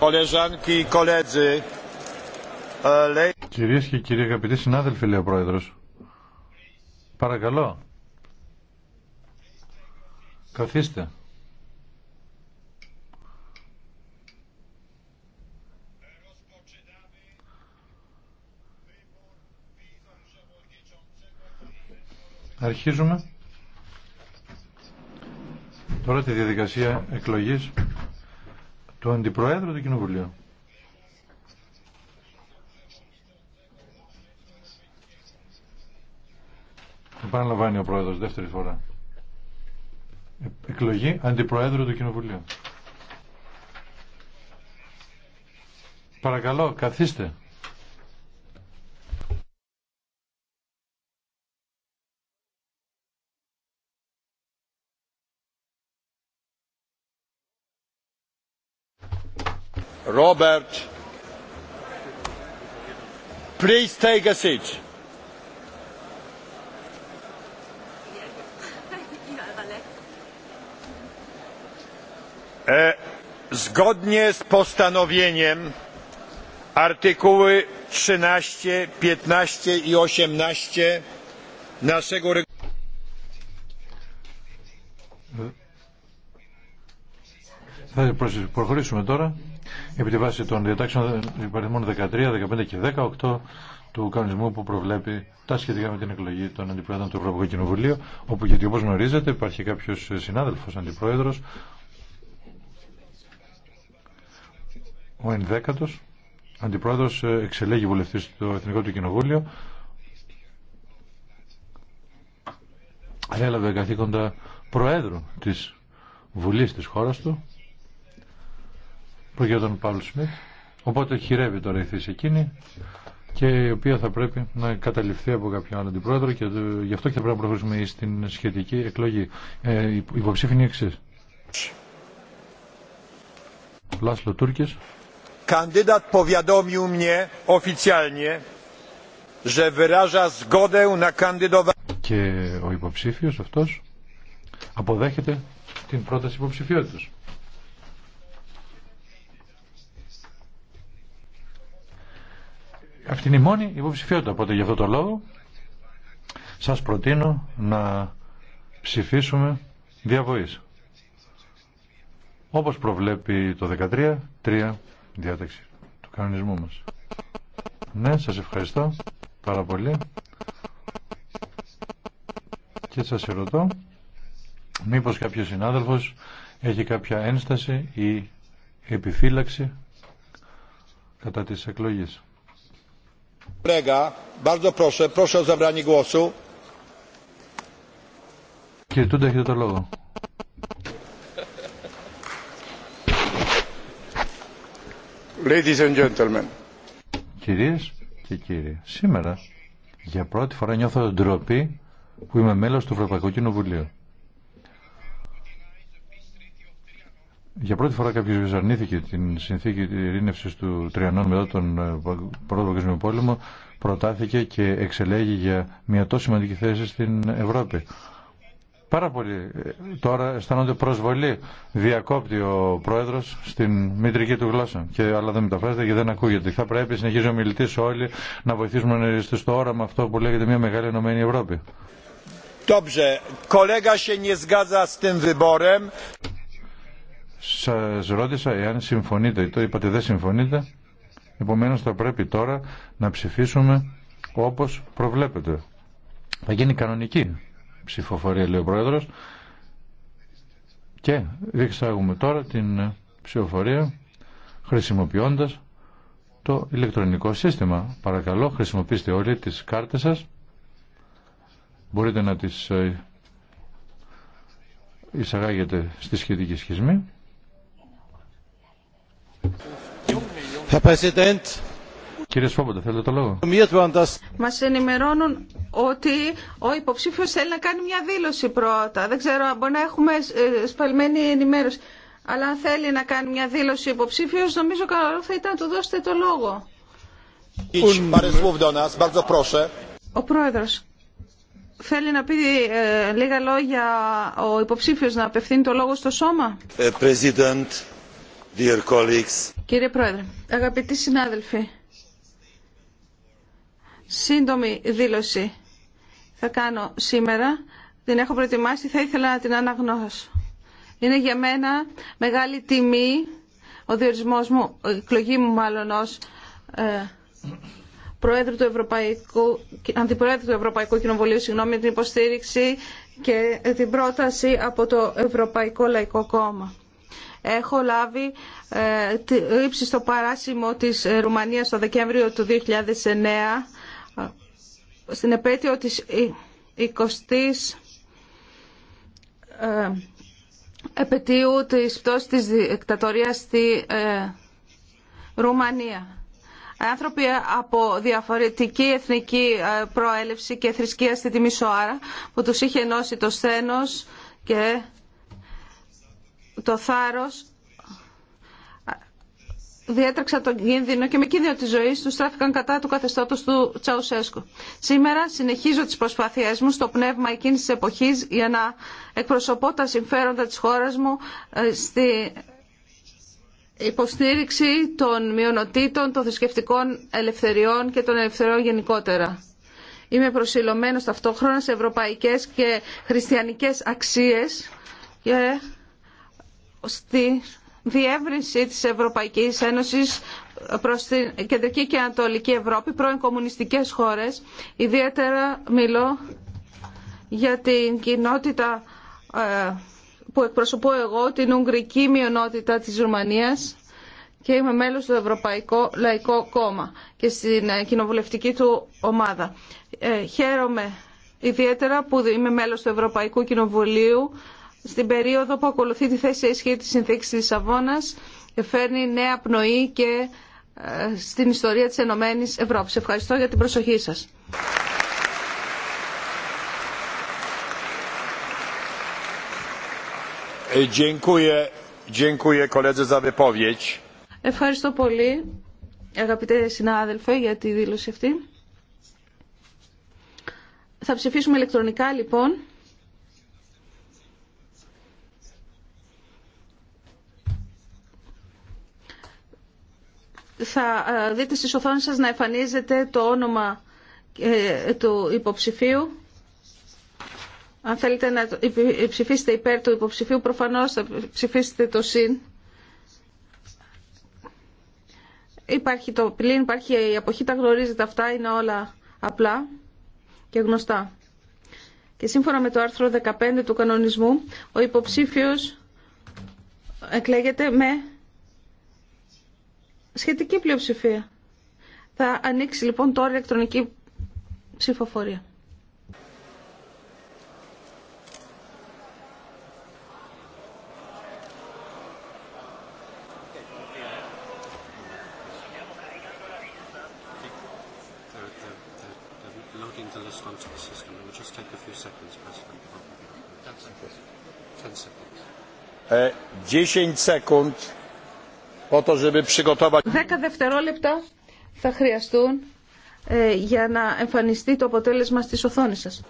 E, Κυρίε και κύριοι αγαπητοί συνάδελφοι, λέει ο πρόεδρο. Παρακαλώ. Καθίστε. Αρχίζουμε τώρα τη διαδικασία εκλογής του Αντιπροέδρου του Κοινοβουλίου. Επαναλαμβάνει ο Πρόεδρος δεύτερη φορά. Εκλογή Αντιπροέδρου του Κοινοβουλίου. Παρακαλώ, καθίστε. Robert. Please take a seat. Zgodnie z postanowieniem artykuły 13, 15 i 18 naszego Proszę, προχωρήσουμε τώρα επί τη βάση των διατάξεων υπαριθμών 13, 15 και 18 του κανονισμού που προβλέπει τα σχετικά με την εκλογή των αντιπρόεδρων του Ευρωπαϊκού Κοινοβουλίου, όπου γιατί όπως γνωρίζετε υπάρχει κάποιος συνάδελφος αντιπρόεδρος, ο ενδέκατος, αντιπρόεδρος ε, εξελέγει βουλευτής στο Εθνικό του Κοινοβούλιο, έλαβε καθήκοντα προέδρου της Βουλής της χώρας του, για τον Παύλο Οπότε χειρεύει τώρα η θέση εκείνη και η οποία θα πρέπει να καταληφθεί από κάποιον άλλον αντιπρόεδρο και γι' αυτό και θα πρέπει να προχωρήσουμε στην σχετική εκλογή. Ε, η υποψήφη εξή. Λάσλο Τούρκης. Και ο υποψήφιος αυτός αποδέχεται την πρόταση υποψηφιότητας. Αυτή είναι η μόνη υποψηφιότητα. Οπότε για αυτό το λόγο σας προτείνω να ψηφίσουμε διαβοής. Όπως προβλέπει το 13, 3 διάταξη του κανονισμού μας. Ναι, σας ευχαριστώ πάρα πολύ. Και σας ερωτώ, μήπως κάποιος συνάδελφος έχει κάποια ένσταση ή επιφύλαξη κατά τις εκλογές. Κύριε Τούντα, έχετε το λόγο. Ladies and gentlemen. Κυρίες και κύριοι, σήμερα για πρώτη φορά νιώθω ντροπή που είμαι μέλος του Ευρωπαϊκού Κοινοβουλίου. Για πρώτη φορά κάποιο αρνήθηκε την συνθήκη ειρήνευση του Τριανών μετά τον ε, Πρώτο Παγκόσμιο Πόλεμο, προτάθηκε και εξελέγει για μια τόσο σημαντική θέση στην Ευρώπη. Πάρα πολύ. Ε, τώρα αισθάνονται προσβολή. Διακόπτει ο πρόεδρο στην μητρική του γλώσσα. Και, αλλά δεν μεταφράζεται και δεν ακούγεται. Θα πρέπει, συνεχίζει ο μιλητή, όλοι να βοηθήσουμε στο όραμα αυτό που λέγεται μια μεγάλη ενωμένη Ευρώπη. Σας ρώτησα εάν συμφωνείτε, το είπατε δεν συμφωνείτε, επομένως θα πρέπει τώρα να ψηφίσουμε όπως προβλέπετε. Θα γίνει κανονική ψηφοφορία, λέει ο Πρόεδρος, και διεξάγουμε τώρα την ψηφοφορία χρησιμοποιώντας το ηλεκτρονικό σύστημα. Παρακαλώ, χρησιμοποιήστε όλοι τις κάρτες σας. Μπορείτε να τις ε, εισαγάγετε στη σχετική σχισμή. Κύριε Σφόμποντα, θέλετε το λόγο. Μα ενημερώνουν ότι ο υποψήφιο θέλει να κάνει μια δήλωση πρώτα. Δεν ξέρω, αν μπορεί να έχουμε ε, σπαλμένη ενημέρωση. Αλλά αν θέλει να κάνει μια δήλωση υποψήφιο, νομίζω καλό θα ήταν να του δώσετε το λόγο. Ο πρόεδρο. θέλει να πει ε, λίγα λόγια ο υποψήφιο να απευθύνει το λόγο στο σώμα. Ε, Κύριε Πρόεδρε, αγαπητοί συνάδελφοι, σύντομη δήλωση θα κάνω σήμερα. Την έχω προετοιμάσει, θα ήθελα να την αναγνώσω. Είναι για μένα μεγάλη τιμή ο διορισμός μου, η εκλογή μου μάλλον ως ε, Προέδρου του Ευρωπαϊκού, Αντιπροέδρου του Ευρωπαϊκού Κοινοβουλίου, συγγνώμη, την υποστήριξη και την πρόταση από το Ευρωπαϊκό Λαϊκό Κόμμα. Έχω λάβει ύψη ε, στο παράσημο της ε, Ρουμανίας το Δεκέμβριο του 2009 ε, στην επέτειο της 20ης επαιτίου της πτώσης της δικτατορίας στη Ρουμανία. Άνθρωποι από διαφορετική εθνική προέλευση και θρησκεία στη Τιμισοάρα που τους είχε ενώσει το ΣΕΝΟΣ και το θάρρος διέτρεξα τον κίνδυνο και με κίνδυνο της ζωής του στράφηκαν κατά του καθεστώτος του Τσαουσέσκου. Σήμερα συνεχίζω τις προσπάθειές μου στο πνεύμα εκείνης της εποχής για να εκπροσωπώ τα συμφέροντα της χώρας μου ε, στη υποστήριξη των μειονοτήτων, των θρησκευτικών ελευθεριών και των ελευθεριών γενικότερα. Είμαι προσιλωμένος ταυτόχρονα σε ευρωπαϊκές και χριστιανικές αξίες και στη διεύρυνση της Ευρωπαϊκής Ένωσης προς την Κεντρική και Ανατολική Ευρώπη, πρώην κομμουνιστικές χώρες. Ιδιαίτερα μιλώ για την κοινότητα ε, που εκπροσωπώ εγώ, την Ουγγρική μειονότητα της Ρουμανίας και είμαι μέλος του Ευρωπαϊκό Λαϊκό Κόμμα και στην ε, κοινοβουλευτική του ομάδα. Ε, χαίρομαι ιδιαίτερα που είμαι μέλος του Ευρωπαϊκού Κοινοβουλίου στην περίοδο που ακολουθεί τη θέση ισχύ της συνθήκης της Σαββόνας φέρνει νέα πνοή και ε, στην ιστορία της Ενωμένης ΕΕ. Ευρώπης. Ευχαριστώ για την προσοχή σας. Ε, Ευχαριστώ πολύ αγαπητέ συνάδελφε για τη δήλωση αυτή. Θα ψηφίσουμε ηλεκτρονικά λοιπόν. θα ε, δείτε στις οθόνες σας να εμφανίζεται το όνομα ε, του υποψηφίου. Αν θέλετε να ψηφίσετε υπέρ του υποψηφίου, προφανώς θα ψηφίσετε το ΣΥΝ. Υπάρχει το πλήν, υπάρχει η αποχή, τα γνωρίζετε αυτά, είναι όλα απλά και γνωστά. Και σύμφωνα με το άρθρο 15 του κανονισμού, ο υποψήφιος εκλέγεται με σχετική πλειοψηφία. Θα ανοίξει λοιπόν τώρα η ηλεκτρονική ψηφοφορία. Ε, Δέκα sekund. Δέκα δευτερόλεπτα θα χρειαστούν ε, για να εμφανιστεί το αποτέλεσμα στις οθόνες σας.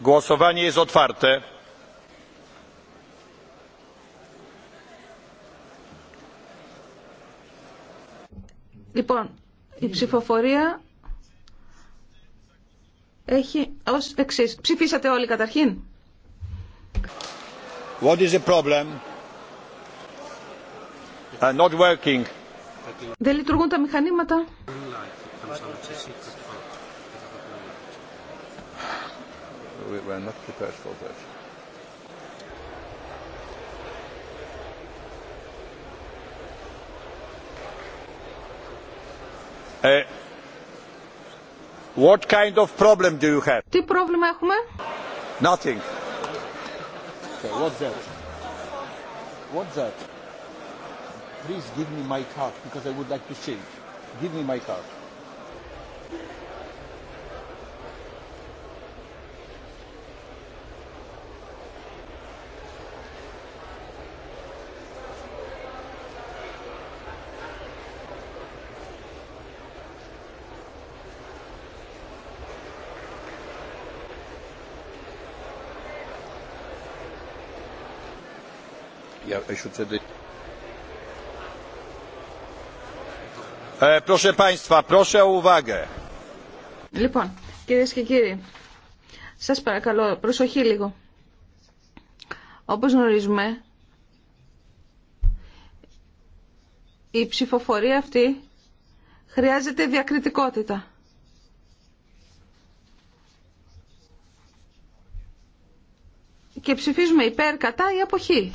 Głosowanie jest otwarte. Λοιπόν, η ψηφοφορία έχει ως εξής. Ψηφίσατε όλοι καταρχήν. What is the problem? Uh, not working. Δεν λειτουργούν τα μηχανήματα. we were not prepared for that. What kind of problem do you have? Τι πρόβλημα έχουμε? Nothing. Okay, what's that? What's that? Please give me my card because I would like to see. Give me my card. E, λοιπόν, κυρίες και κύριοι, σας παρακαλώ, προσοχή λίγο. Όπως γνωρίζουμε, η ψηφοφορία αυτή χρειάζεται διακριτικότητα. Και ψηφίζουμε υπέρ, κατά ή αποχή.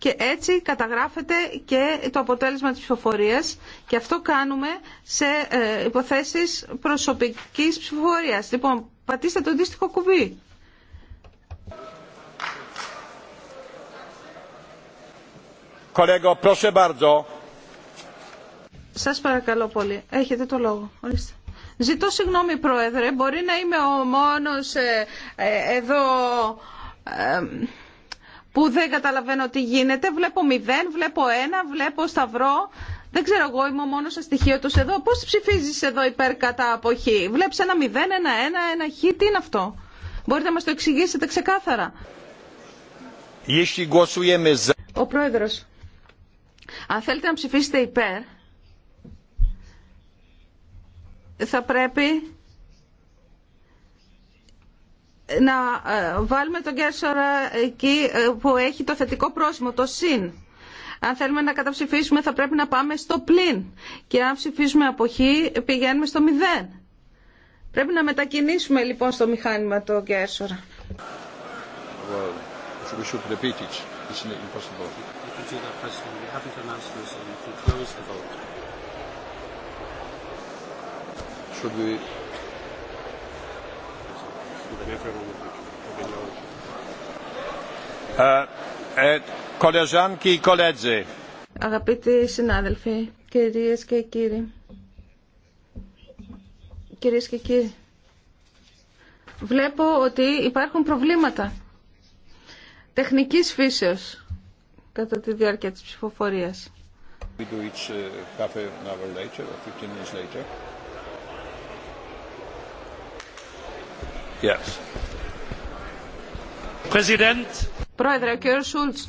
και έτσι καταγράφεται και το αποτέλεσμα της ψηφοφορίας και αυτό κάνουμε σε ε, υποθέσεις προσωπικής ψηφοφορίας. Λοιπόν, πατήστε το αντίστοιχο κουμπί. Κολέγο, Σας παρακαλώ πολύ. Έχετε το λόγο. Ζητώ συγγνώμη, Πρόεδρε. Μπορεί να είμαι ο μόνος ε, ε, εδώ που δεν καταλαβαίνω τι γίνεται. Βλέπω μηδέν, βλέπω ένα, βλέπω σταυρό. Δεν ξέρω εγώ, είμαι ο στοιχείο του εδώ. Πώ ψηφίζει εδώ υπέρ κατά αποχή. Βλέπει ένα μηδέν, ένα ένα, ένα χ. Τι είναι αυτό. Μπορείτε να μα το εξηγήσετε ξεκάθαρα. Ο πρόεδρο. αν θέλετε να ψηφίσετε υπέρ, θα πρέπει να ε, βάλουμε τον Κέρσορα εκεί ε, που έχει το θετικό πρόσημο, το συν. Αν θέλουμε να καταψηφίσουμε θα πρέπει να πάμε στο πλήν και αν ψηφίσουμε αποχή πηγαίνουμε στο μηδέν. Πρέπει να μετακινήσουμε λοιπόν στο μηχάνημα το Κέρσορα. Ε, ε, Αγαπητοί συνάδελφοι, κυρίες και κύριοι, κυρίες και κύριοι, βλέπω ότι υπάρχουν προβλήματα τεχνικής φύσεως κατά τη διάρκεια της ψηφοφορίας. Ε, Πρόεδρε, κύριε Σούλτς,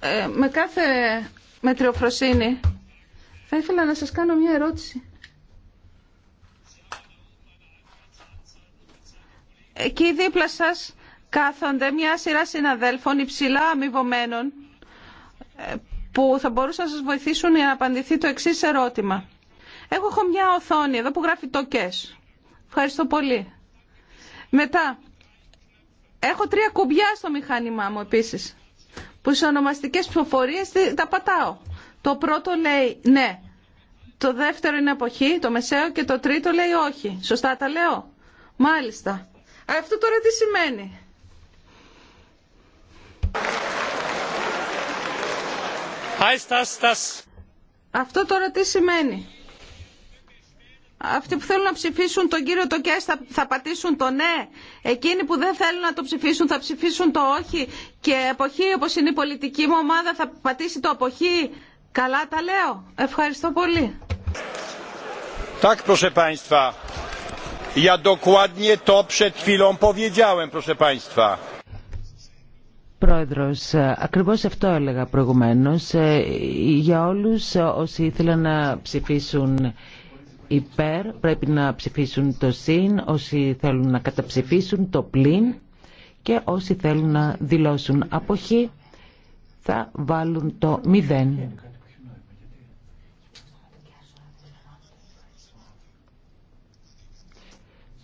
ε, με κάθε μετριοφροσύνη θα ήθελα να σας κάνω μια ερώτηση. Εκεί δίπλα σας κάθονται μια σειρά συναδέλφων υψηλά αμοιβωμένων ε, που θα μπορούσαν να σας βοηθήσουν για να απαντηθεί το εξής ερώτημα. Εγώ έχω μια οθόνη εδώ που γράφει το Ευχαριστώ πολύ. Μετά, έχω τρία κουμπιά στο μηχάνημά μου επίσης, που σε ονομαστικές ψηφοφορίε τα πατάω. Το πρώτο λέει ναι, το δεύτερο είναι αποχή, το μεσαίο και το τρίτο λέει όχι. Σωστά τα λέω. Μάλιστα. Αυτό τώρα τι σημαίνει. Αυτό τώρα τι σημαίνει αυτοί που θέλουν να ψηφίσουν τον κύριο Τοκές θα, θα πατήσουν το ναι. Εκείνοι που δεν θέλουν να το ψηφίσουν θα ψηφίσουν το όχι. Και εποχή όπως είναι η πολιτική μου ομάδα θα πατήσει το αποχή. Καλά τα λέω. Ευχαριστώ πολύ. Tak, proszę Państwa. Ja dokładnie to przed chwilą powiedziałem, proszę Państwa. Πρόεδρος, ακριβώς αυτό έλεγα προηγουμένως. Ε, για όλους όσοι ήθελαν να ψηφίσουν υπέρ πρέπει να ψηφίσουν το συν, όσοι θέλουν να καταψηφίσουν το πλην και όσοι θέλουν να δηλώσουν αποχή θα βάλουν το μηδέν.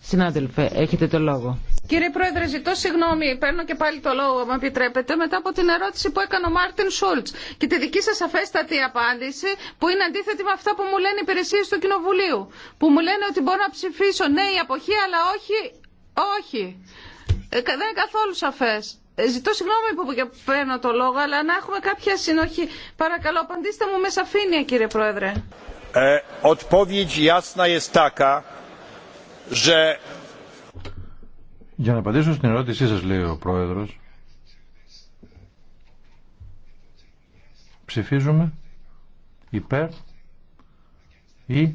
Συνάδελφε, έχετε το λόγο. Κύριε Πρόεδρε, ζητώ συγγνώμη, παίρνω και πάλι το λόγο, αν επιτρέπετε, μετά από την ερώτηση που έκανε ο Μάρτιν Σούλτ και τη δική σα αφέστατη απάντηση που είναι αντίθετη με αυτά που μου λένε οι υπηρεσίε του Κοινοβουλίου. Που μου λένε ότι μπορώ να ψηφίσω ναι ή αποχή, αλλά όχι, όχι. Ε, δεν είναι καθόλου σαφέ. Ε, ζητώ συγγνώμη που παίρνω το λόγο, αλλά να έχουμε κάποια συνοχή. Παρακαλώ, απαντήστε μου με σαφήνεια, κύριε Πρόεδρε. Ε, για να απαντήσω στην ερώτησή σας, λέει ο Πρόεδρος, ψηφίζουμε υπέρ ή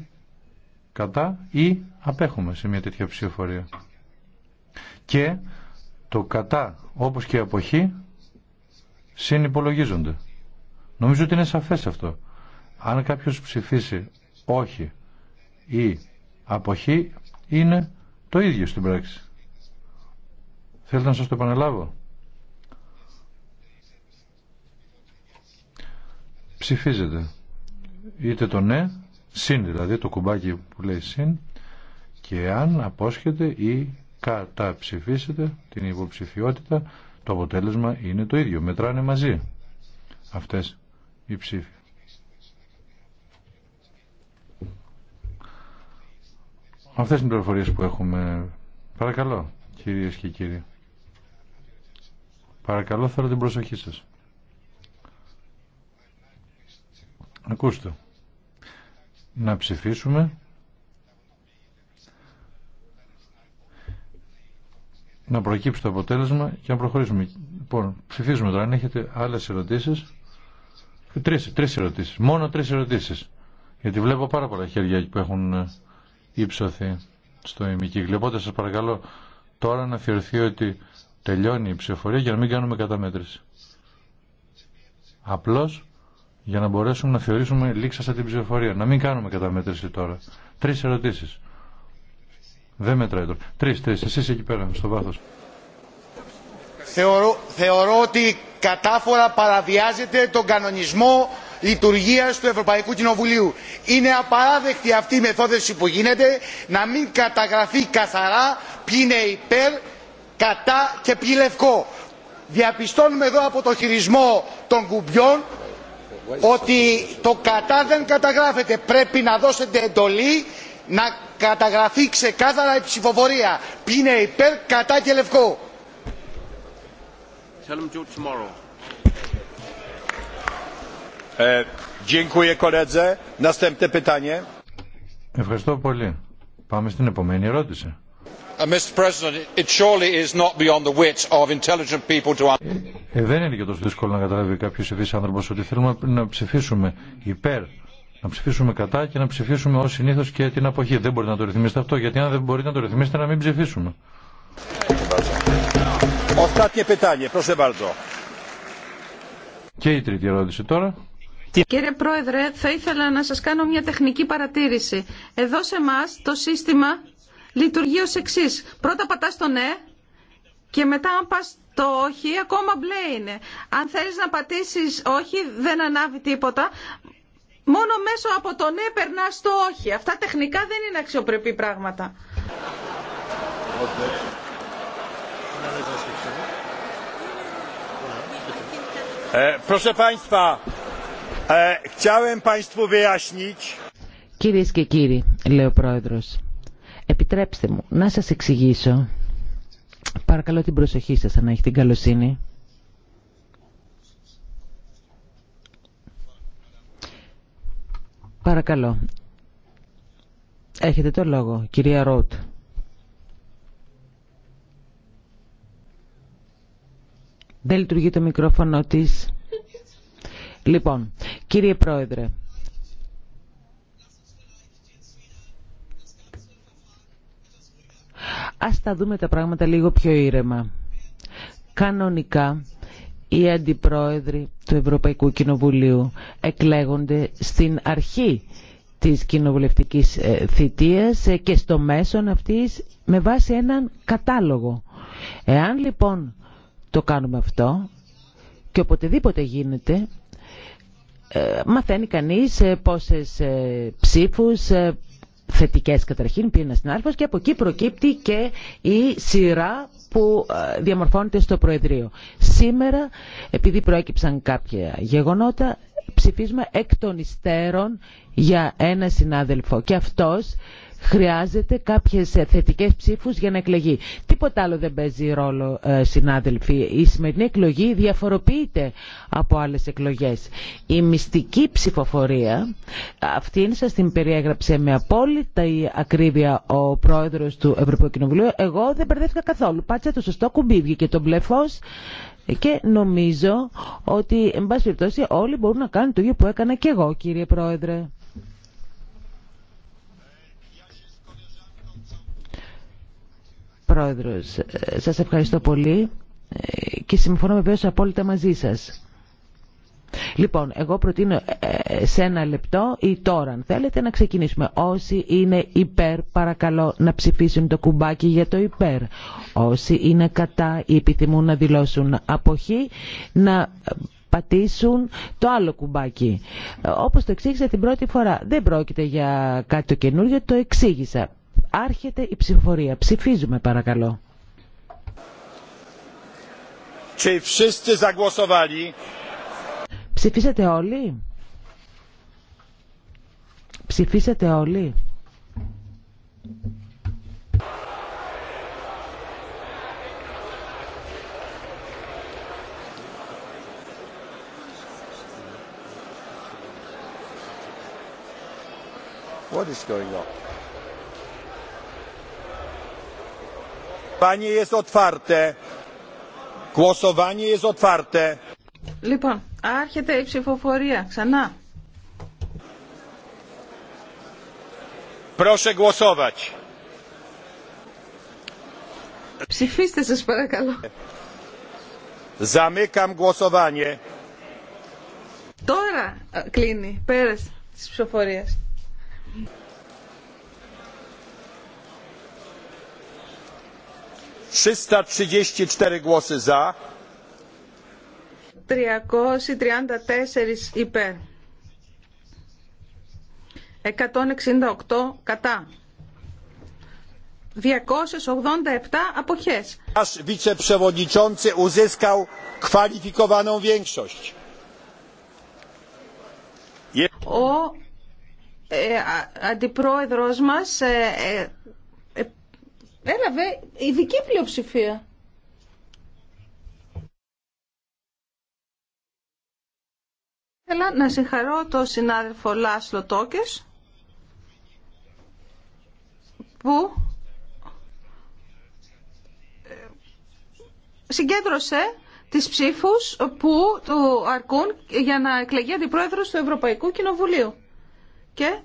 κατά ή απέχουμε σε μια τέτοια ψηφοφορία. Και το κατά όπως και η αποχή συνυπολογίζονται. Νομίζω ότι είναι σαφές αυτό. Αν κάποιος ψηφίσει όχι ή αποχή είναι το ίδιο στην πράξη. Θέλετε να σας το επαναλάβω. Ψηφίζετε. Είτε το ναι, συν δηλαδή το κουμπάκι που λέει συν και αν απόσχετε ή καταψηφίσετε την υποψηφιότητα το αποτέλεσμα είναι το ίδιο. Μετράνε μαζί αυτές οι ψήφοι. Αυτές είναι οι πληροφορίες που έχουμε. Παρακαλώ, κυρίες και κύριοι. Παρακαλώ θέλω την προσοχή σας. Ακούστε. Να ψηφίσουμε να προκύψει το αποτέλεσμα και να προχωρήσουμε. Λοιπόν, ψηφίζουμε τώρα. Αν έχετε άλλες ερωτήσεις τρεις, τρεις ερωτήσεις. Μόνο τρεις ερωτήσεις. Γιατί βλέπω πάρα πολλά χέρια που έχουν ύψωθει ε, στο ημικύκλιο. Οπότε σας παρακαλώ τώρα να θεωρηθεί ότι τελειώνει η ψηφοφορία για να μην κάνουμε καταμέτρηση. Απλώς για να μπορέσουμε να θεωρήσουμε λήξασα την ψηφοφορία. Να μην κάνουμε καταμέτρηση τώρα. Τρεις ερωτήσεις. Δεν μετράει τώρα. Τρεις, τρεις. Εσείς εκεί πέρα, στο βάθος. Θεωρώ, θεωρώ ότι κατάφορα παραβιάζεται τον κανονισμό λειτουργία του Ευρωπαϊκού Κοινοβουλίου. Είναι απαράδεκτη αυτή η μεθόδευση που γίνεται να μην καταγραφεί καθαρά ποιοι είναι υπέρ κατά και πι λευκό. Διαπιστώνουμε εδώ από το χειρισμό των κουμπιών ότι το κατά δεν καταγράφεται. Πρέπει να δώσετε εντολή να καταγραφεί ξεκάθαρα η ψηφοφορία. Ποιοι είναι υπέρ, κατά και λευκό. Ε, Ευχαριστώ πολύ. Πάμε στην επομένη ερώτηση δεν είναι και τόσο δύσκολο να καταλάβει κάποιο ευφύς άνθρωπος ότι θέλουμε να ψηφίσουμε υπέρ, να ψηφίσουμε κατά και να ψηφίσουμε ω συνήθω και την αποχή. Δεν μπορείτε να το ρυθμίσετε αυτό, γιατί αν δεν μπορείτε να το ρυθμίσετε να μην ψηφίσουμε. Και η τρίτη ερώτηση τώρα. Κύριε Πρόεδρε, θα ήθελα να σας κάνω μια τεχνική παρατήρηση. Εδώ σε εμά το σύστημα λειτουργεί ως εξής. Πρώτα πατάς το ναι και μετά αν πας το όχι ακόμα μπλε είναι. Αν θέλεις να πατήσεις όχι δεν ανάβει τίποτα. Μόνο μέσω από το ναι περνά το όχι. Αυτά τεχνικά δεν είναι αξιοπρεπή πράγματα. Ε, e, Κυρίες και κύριοι, λέει ο Πρόεδρος, Επιτρέψτε μου να σας εξηγήσω, παρακαλώ την προσοχή σας, να έχει την καλοσύνη. Παρακαλώ. Έχετε το λόγο, κυρία Ρότ. Δεν λειτουργεί το μικρόφωνο της. Λοιπόν, κύριε Πρόεδρε, Ας τα δούμε τα πράγματα λίγο πιο ήρεμα. Κανονικά, οι αντιπρόεδροι του Ευρωπαϊκού Κοινοβουλίου εκλέγονται στην αρχή της κοινοβουλευτικής ε, θητείας ε, και στο μέσον αυτής με βάση έναν κατάλογο. Εάν λοιπόν το κάνουμε αυτό και οποτεδήποτε γίνεται ε, μαθαίνει κανείς πόσες ψήφους, θετικές καταρχήν, πήρε στην άρφος και από εκεί προκύπτει και η σειρά που ε, διαμορφώνεται στο Προεδρείο. Σήμερα, επειδή προέκυψαν κάποια γεγονότα, ψηφίζουμε εκ των υστέρων για ένα συνάδελφο και αυτός χρειάζεται κάποιες ε, θετικές ψήφους για να εκλεγεί. Τίποτα άλλο δεν παίζει ρόλο, ε, συνάδελφοι. Η σημερινή εκλογή διαφοροποιείται από άλλες εκλογές. Η μυστική ψηφοφορία, αυτήν σας την περιέγραψε με απόλυτα η ακρίβεια ο πρόεδρος του Ευρωπαϊκού Κοινοβουλίου. Εγώ δεν μπερδεύτηκα καθόλου. Πάτσα το σωστό κουμπί, βγήκε το μπλε φως και νομίζω ότι, εν περιπτώσει, όλοι μπορούν να κάνουν το ίδιο που έκανα και εγώ, κύριε Πρόεδρε. Πρόεδρος, ε, σας ευχαριστώ πολύ ε, και συμφωνώ βεβαίως απόλυτα μαζί σας. Λοιπόν, εγώ προτείνω ε, σε ένα λεπτό ή τώρα, αν θέλετε, να ξεκινήσουμε. Όσοι είναι υπέρ, παρακαλώ να ψηφίσουν το κουμπάκι για το υπέρ. Όσοι είναι κατά ή επιθυμούν να δηλώσουν αποχή, να πατήσουν το άλλο κουμπάκι. Όπως το εξήγησα την πρώτη φορά, δεν πρόκειται για κάτι το καινούργιο, το εξήγησα. Άρχεται η ψηφοφορία. Ψηφίζουμε παρακαλώ. Ψηφίσατε όλοι. Ψηφίσατε όλοι. What is going on? Panie jest otwarte. Głosowanie jest otwarte. Λοιπόν, άρχεται η ψηφοφορία ξανά. Proszę głosować. Ψηφίστε σας παρακαλώ. Zamykam głosowanie. Τώρα ε, κλείνει, πέρασε τις ψηφοφορίες. 334 ψήφοι ζω. 3234 τέσσερις ή κατά 287 ογδόντα αποχές. Ο ε, αντιπρόεδρος μας. Ε, ε, έλαβε ειδική πλειοψηφία. Θέλω να συγχαρώ τον συνάδελφο Λάσλο Τόκες που ε, συγκέντρωσε τις ψήφους που του αρκούν για να εκλεγεί αντιπρόεδρος του Ευρωπαϊκού Κοινοβουλίου. Και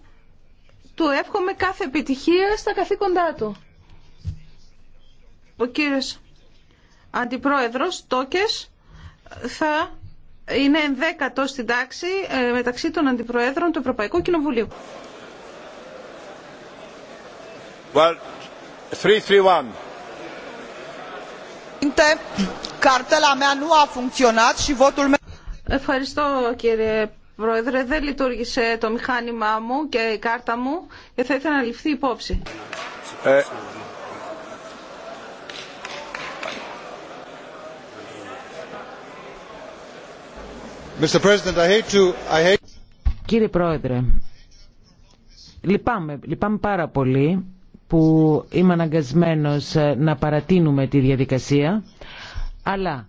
του εύχομαι κάθε επιτυχία στα καθήκοντά του ο κύριος Αντιπρόεδρος Τόκες θα είναι ενδέκατο στην τάξη ε, μεταξύ των Αντιπροέδρων του Ευρωπαϊκού Κοινοβουλίου. Well, three, three, one. Ευχαριστώ κύριε Πρόεδρε. Δεν λειτουργήσε το μηχάνημά μου και η κάρτα μου και θα ήθελα να ληφθεί υπόψη. Ε, Κύριε Πρόεδρε, λυπάμαι, πάρα πολύ που είμαι αναγκασμένος ε, να παρατείνουμε τη διαδικασία, αλλά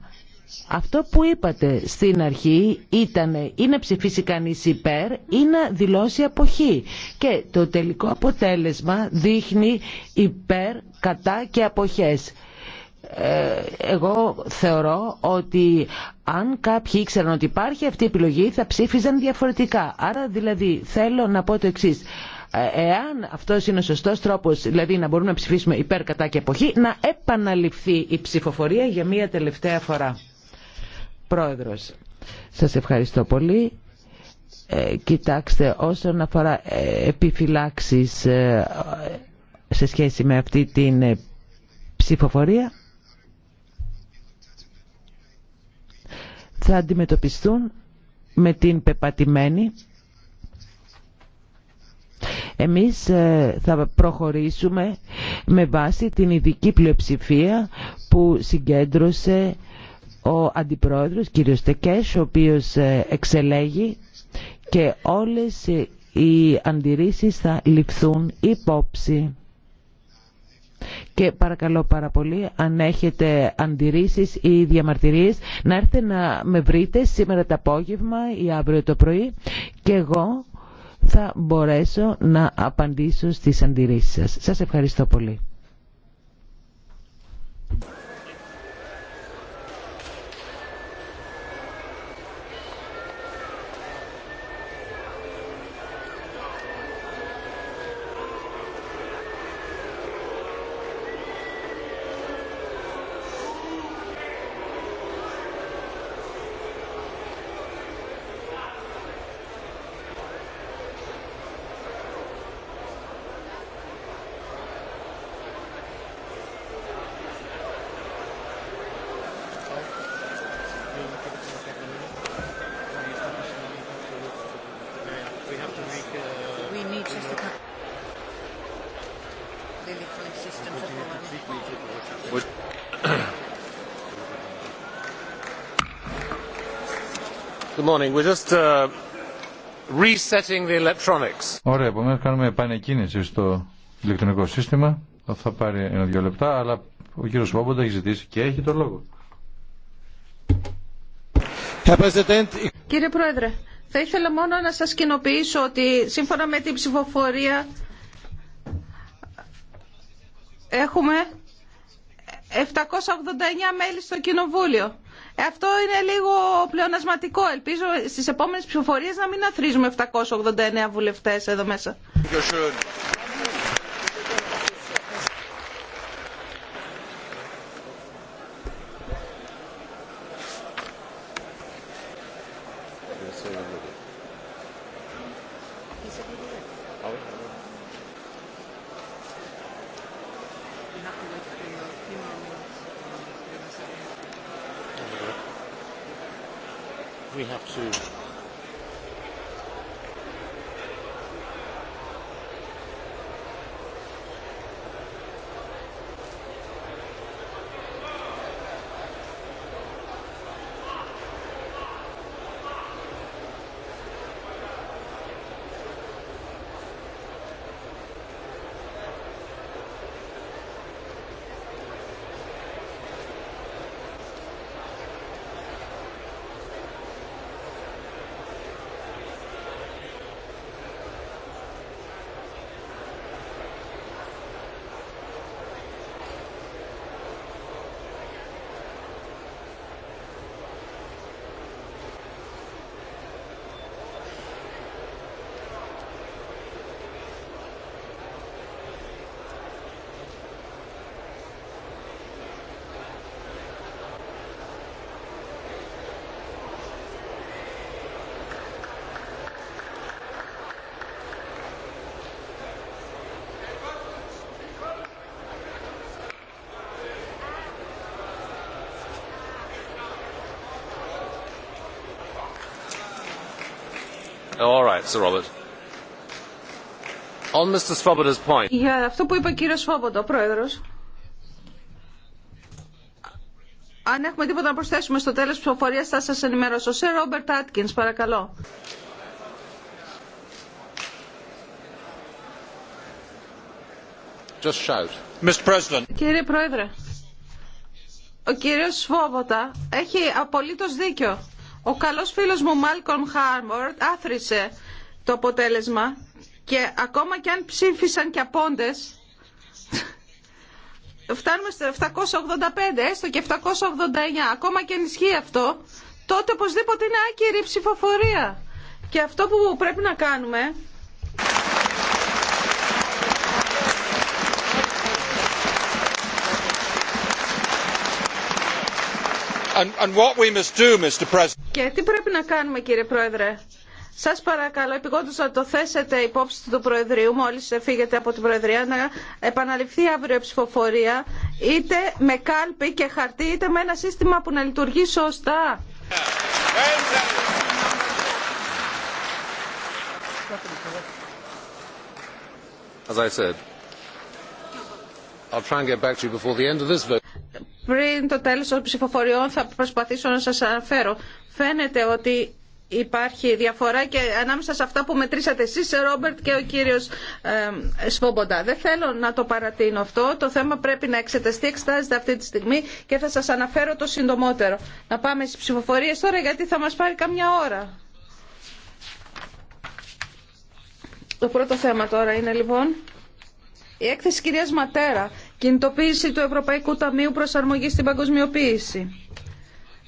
αυτό που είπατε στην αρχή ήταν ή να ψηφίσει κανείς υπέρ ή να δηλώσει αποχή. Και το τελικό αποτέλεσμα δείχνει υπέρ, κατά και αποχές. Ε, εγώ θεωρώ ότι αν κάποιοι ήξεραν ότι υπάρχει αυτή η επιλογή θα ψήφιζαν διαφορετικά. Άρα δηλαδή θέλω να πω το εξή ε, Εάν αυτό είναι ο σωστό τρόπο, δηλαδή να μπορούμε να ψηφίσουμε υπέρ, κατά και εποχή να επαναληφθεί η ψηφοφορία για μία τελευταία φορά. Πρόεδρος, σα ευχαριστώ πολύ. Ε, κοιτάξτε, όσον αφορά επιφυλάξει σε σχέση με αυτή την ψηφοφορία, θα αντιμετωπιστούν με την πεπατημένη. Εμείς ε, θα προχωρήσουμε με βάση την ειδική πλειοψηφία που συγκέντρωσε ο Αντιπρόεδρος κ. Τεκές, ο οποίος ε, εξελέγει και όλες οι αντιρρήσεις θα ληφθούν υπόψη και παρακαλώ πάρα πολύ αν έχετε αντιρρήσεις ή διαμαρτυρίες να έρθετε να με βρείτε σήμερα το απόγευμα ή αύριο το πρωί και εγώ θα μπορέσω να απαντήσω στις αντιρρήσεις σας. Σας ευχαριστώ πολύ. morning. just uh, Ωραία, επομένω κάνουμε επανεκκίνηση στο ηλεκτρονικό σύστημα. Θα πάρει ένα-δύο λεπτά, αλλά ο κύριο Βόμποντα έχει ζητήσει και έχει το λόγο. Κύριε Πρόεδρε, θα ήθελα μόνο να σας κοινοποιήσω ότι σύμφωνα με την ψηφοφορία έχουμε 789 μέλη στο Κοινοβούλιο. Αυτό είναι λίγο πλεονασματικό. Ελπίζω στις επόμενες ψηφοφορίες να μην αθροίζουμε 789 βουλευτές εδώ μέσα. Oh, Για αυτό που είπε ο κύριος Σφόμποντα, ο πρόεδρος. Αν έχουμε τίποτα να προσθέσουμε στο τέλος της ψηφοφορίας θα σας ενημερώσω. Σε Ρόμπερτ Άτκινς, παρακαλώ. Κύριε Πρόεδρε, ο κύριος Σφόβοτα έχει απολύτως δίκιο ο καλός φίλος μου Μάλκομ Χάρμορτ άθρησε το αποτέλεσμα και ακόμα και αν ψήφισαν και απόντες φτάνουμε στο 785 έστω και 789 ακόμα και ενισχύει αυτό τότε οπωσδήποτε είναι άκυρη ψηφοφορία και αυτό που πρέπει να κάνουμε Και τι πρέπει να κάνουμε κύριε Πρόεδρε. Σας παρακαλώ επιγόντως να το θέσετε υπόψη του Προεδρείου μόλις φύγετε από την Προεδρία να επαναληφθεί αύριο η ψηφοφορία είτε με κάλπη και χαρτί είτε με ένα σύστημα που να λειτουργεί σωστά πριν το τέλος των ψηφοφοριών θα προσπαθήσω να σας αναφέρω. Φαίνεται ότι υπάρχει διαφορά και ανάμεσα σε αυτά που μετρήσατε εσείς, Ρόμπερτ και ο κύριος ε, Δεν θέλω να το παρατείνω αυτό. Το θέμα πρέπει να εξεταστεί, εξετάζεται αυτή τη στιγμή και θα σας αναφέρω το συντομότερο. Να πάμε στις ψηφοφορίες τώρα γιατί θα μας πάρει καμιά ώρα. Το πρώτο θέμα τώρα είναι λοιπόν η έκθεση κυρίας Ματέρα Κινητοποίηση του Ευρωπαϊκού Ταμείου Προσαρμογής στην Παγκοσμιοποίηση.